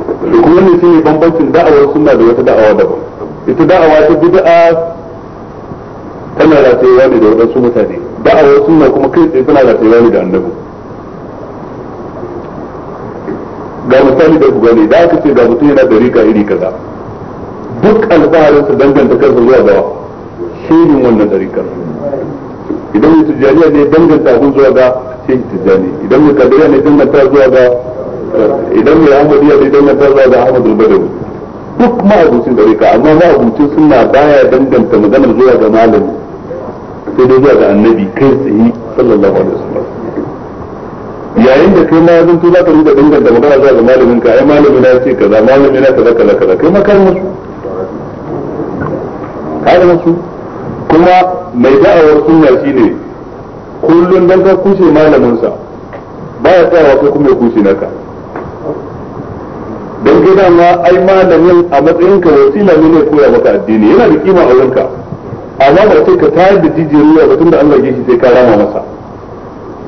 to kuma ne shine bambancin da'awar sunna da wata da'awa daban ita da'awa ta bid'a tana ratayewa ne da wadansu mutane da'awar sunna kuma kai tsaye tana ratayewa ne da annabi ga misali da ku da aka ce ga mutum yana da rika iri kaza duk alfaharin su danganta kansa zuwa ga shirin wannan tarikar idan mai tijjaniya ne danganta abun zuwa ga shi tijjani idan mai kadiriya ne danganta zuwa ga idan mai ahmadiyya ne danganta zuwa ga ahmad badawi duk ma'abucin rika amma ma'abucin suna baya danganta maganar zuwa ga malami sai dai zuwa ga annabi kai tsaye sallallahu alaihi wasallam yayin da kai ma ya zanto za ka rika da magana zuwa ga malamin ka ai malami na ce kaza malami na kaza kaza kaza kai ma kai musu kai musu kuma mai da'awar sunna shine kullun dan ka kushe malamin sa ya tsayawa kai kuma ya kushe naka don kai ma ai malamin a matsayin ka wasila ne ne koya maka addini yana da kima a wurinka amma ba sai ka tayar da jijiyar ruwa ba tunda Allah ya shi sai ka rama masa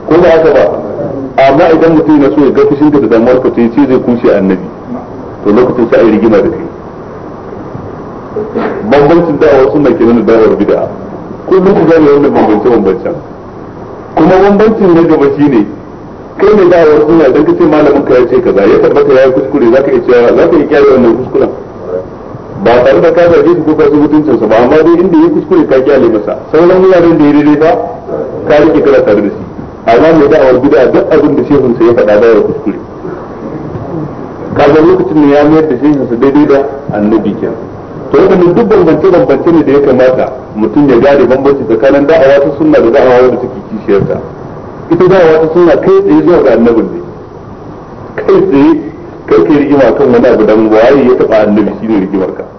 ko ba haka ba amma idan mutum na so ya ga fushin da damuwar ka sai ce zai kushe annabi to lokacin sai a yi rigima da kai bambancin wasu mai kenan da da'awar bid'a kullum ku gane wannan bambance bambancen kuma bambancin na gaba shine kai ne wasu suna idan ka ce malamin ka ya ce kaza ya tabbata ya yi kuskure zaka iya cewa zaka iya kiyaye wannan kuskuren ba tare da ka zarge shi ko ka mutuncin sa ba amma dai inda ya kuskure ka kyale masa sauran wuraren da ya daidai ba ka rike kana tare da shi amma mai da'awar gida duk abin da shehun sa ya faɗa da kuskure kaga lokacin ne ya mayar da shehun sa daidai da annabi kenan to wannan duk bambance bambance ne da ya kamata mutum ya gane bambanci tsakanin da'awa ta sunna da da'awa wanda take kishiyarta ita da'awa ta sunna kai tsaye zuwa ga annabin ne kai tsaye kai ke rigima kan wani abu dan waye ya taba annabi shine rigimar ka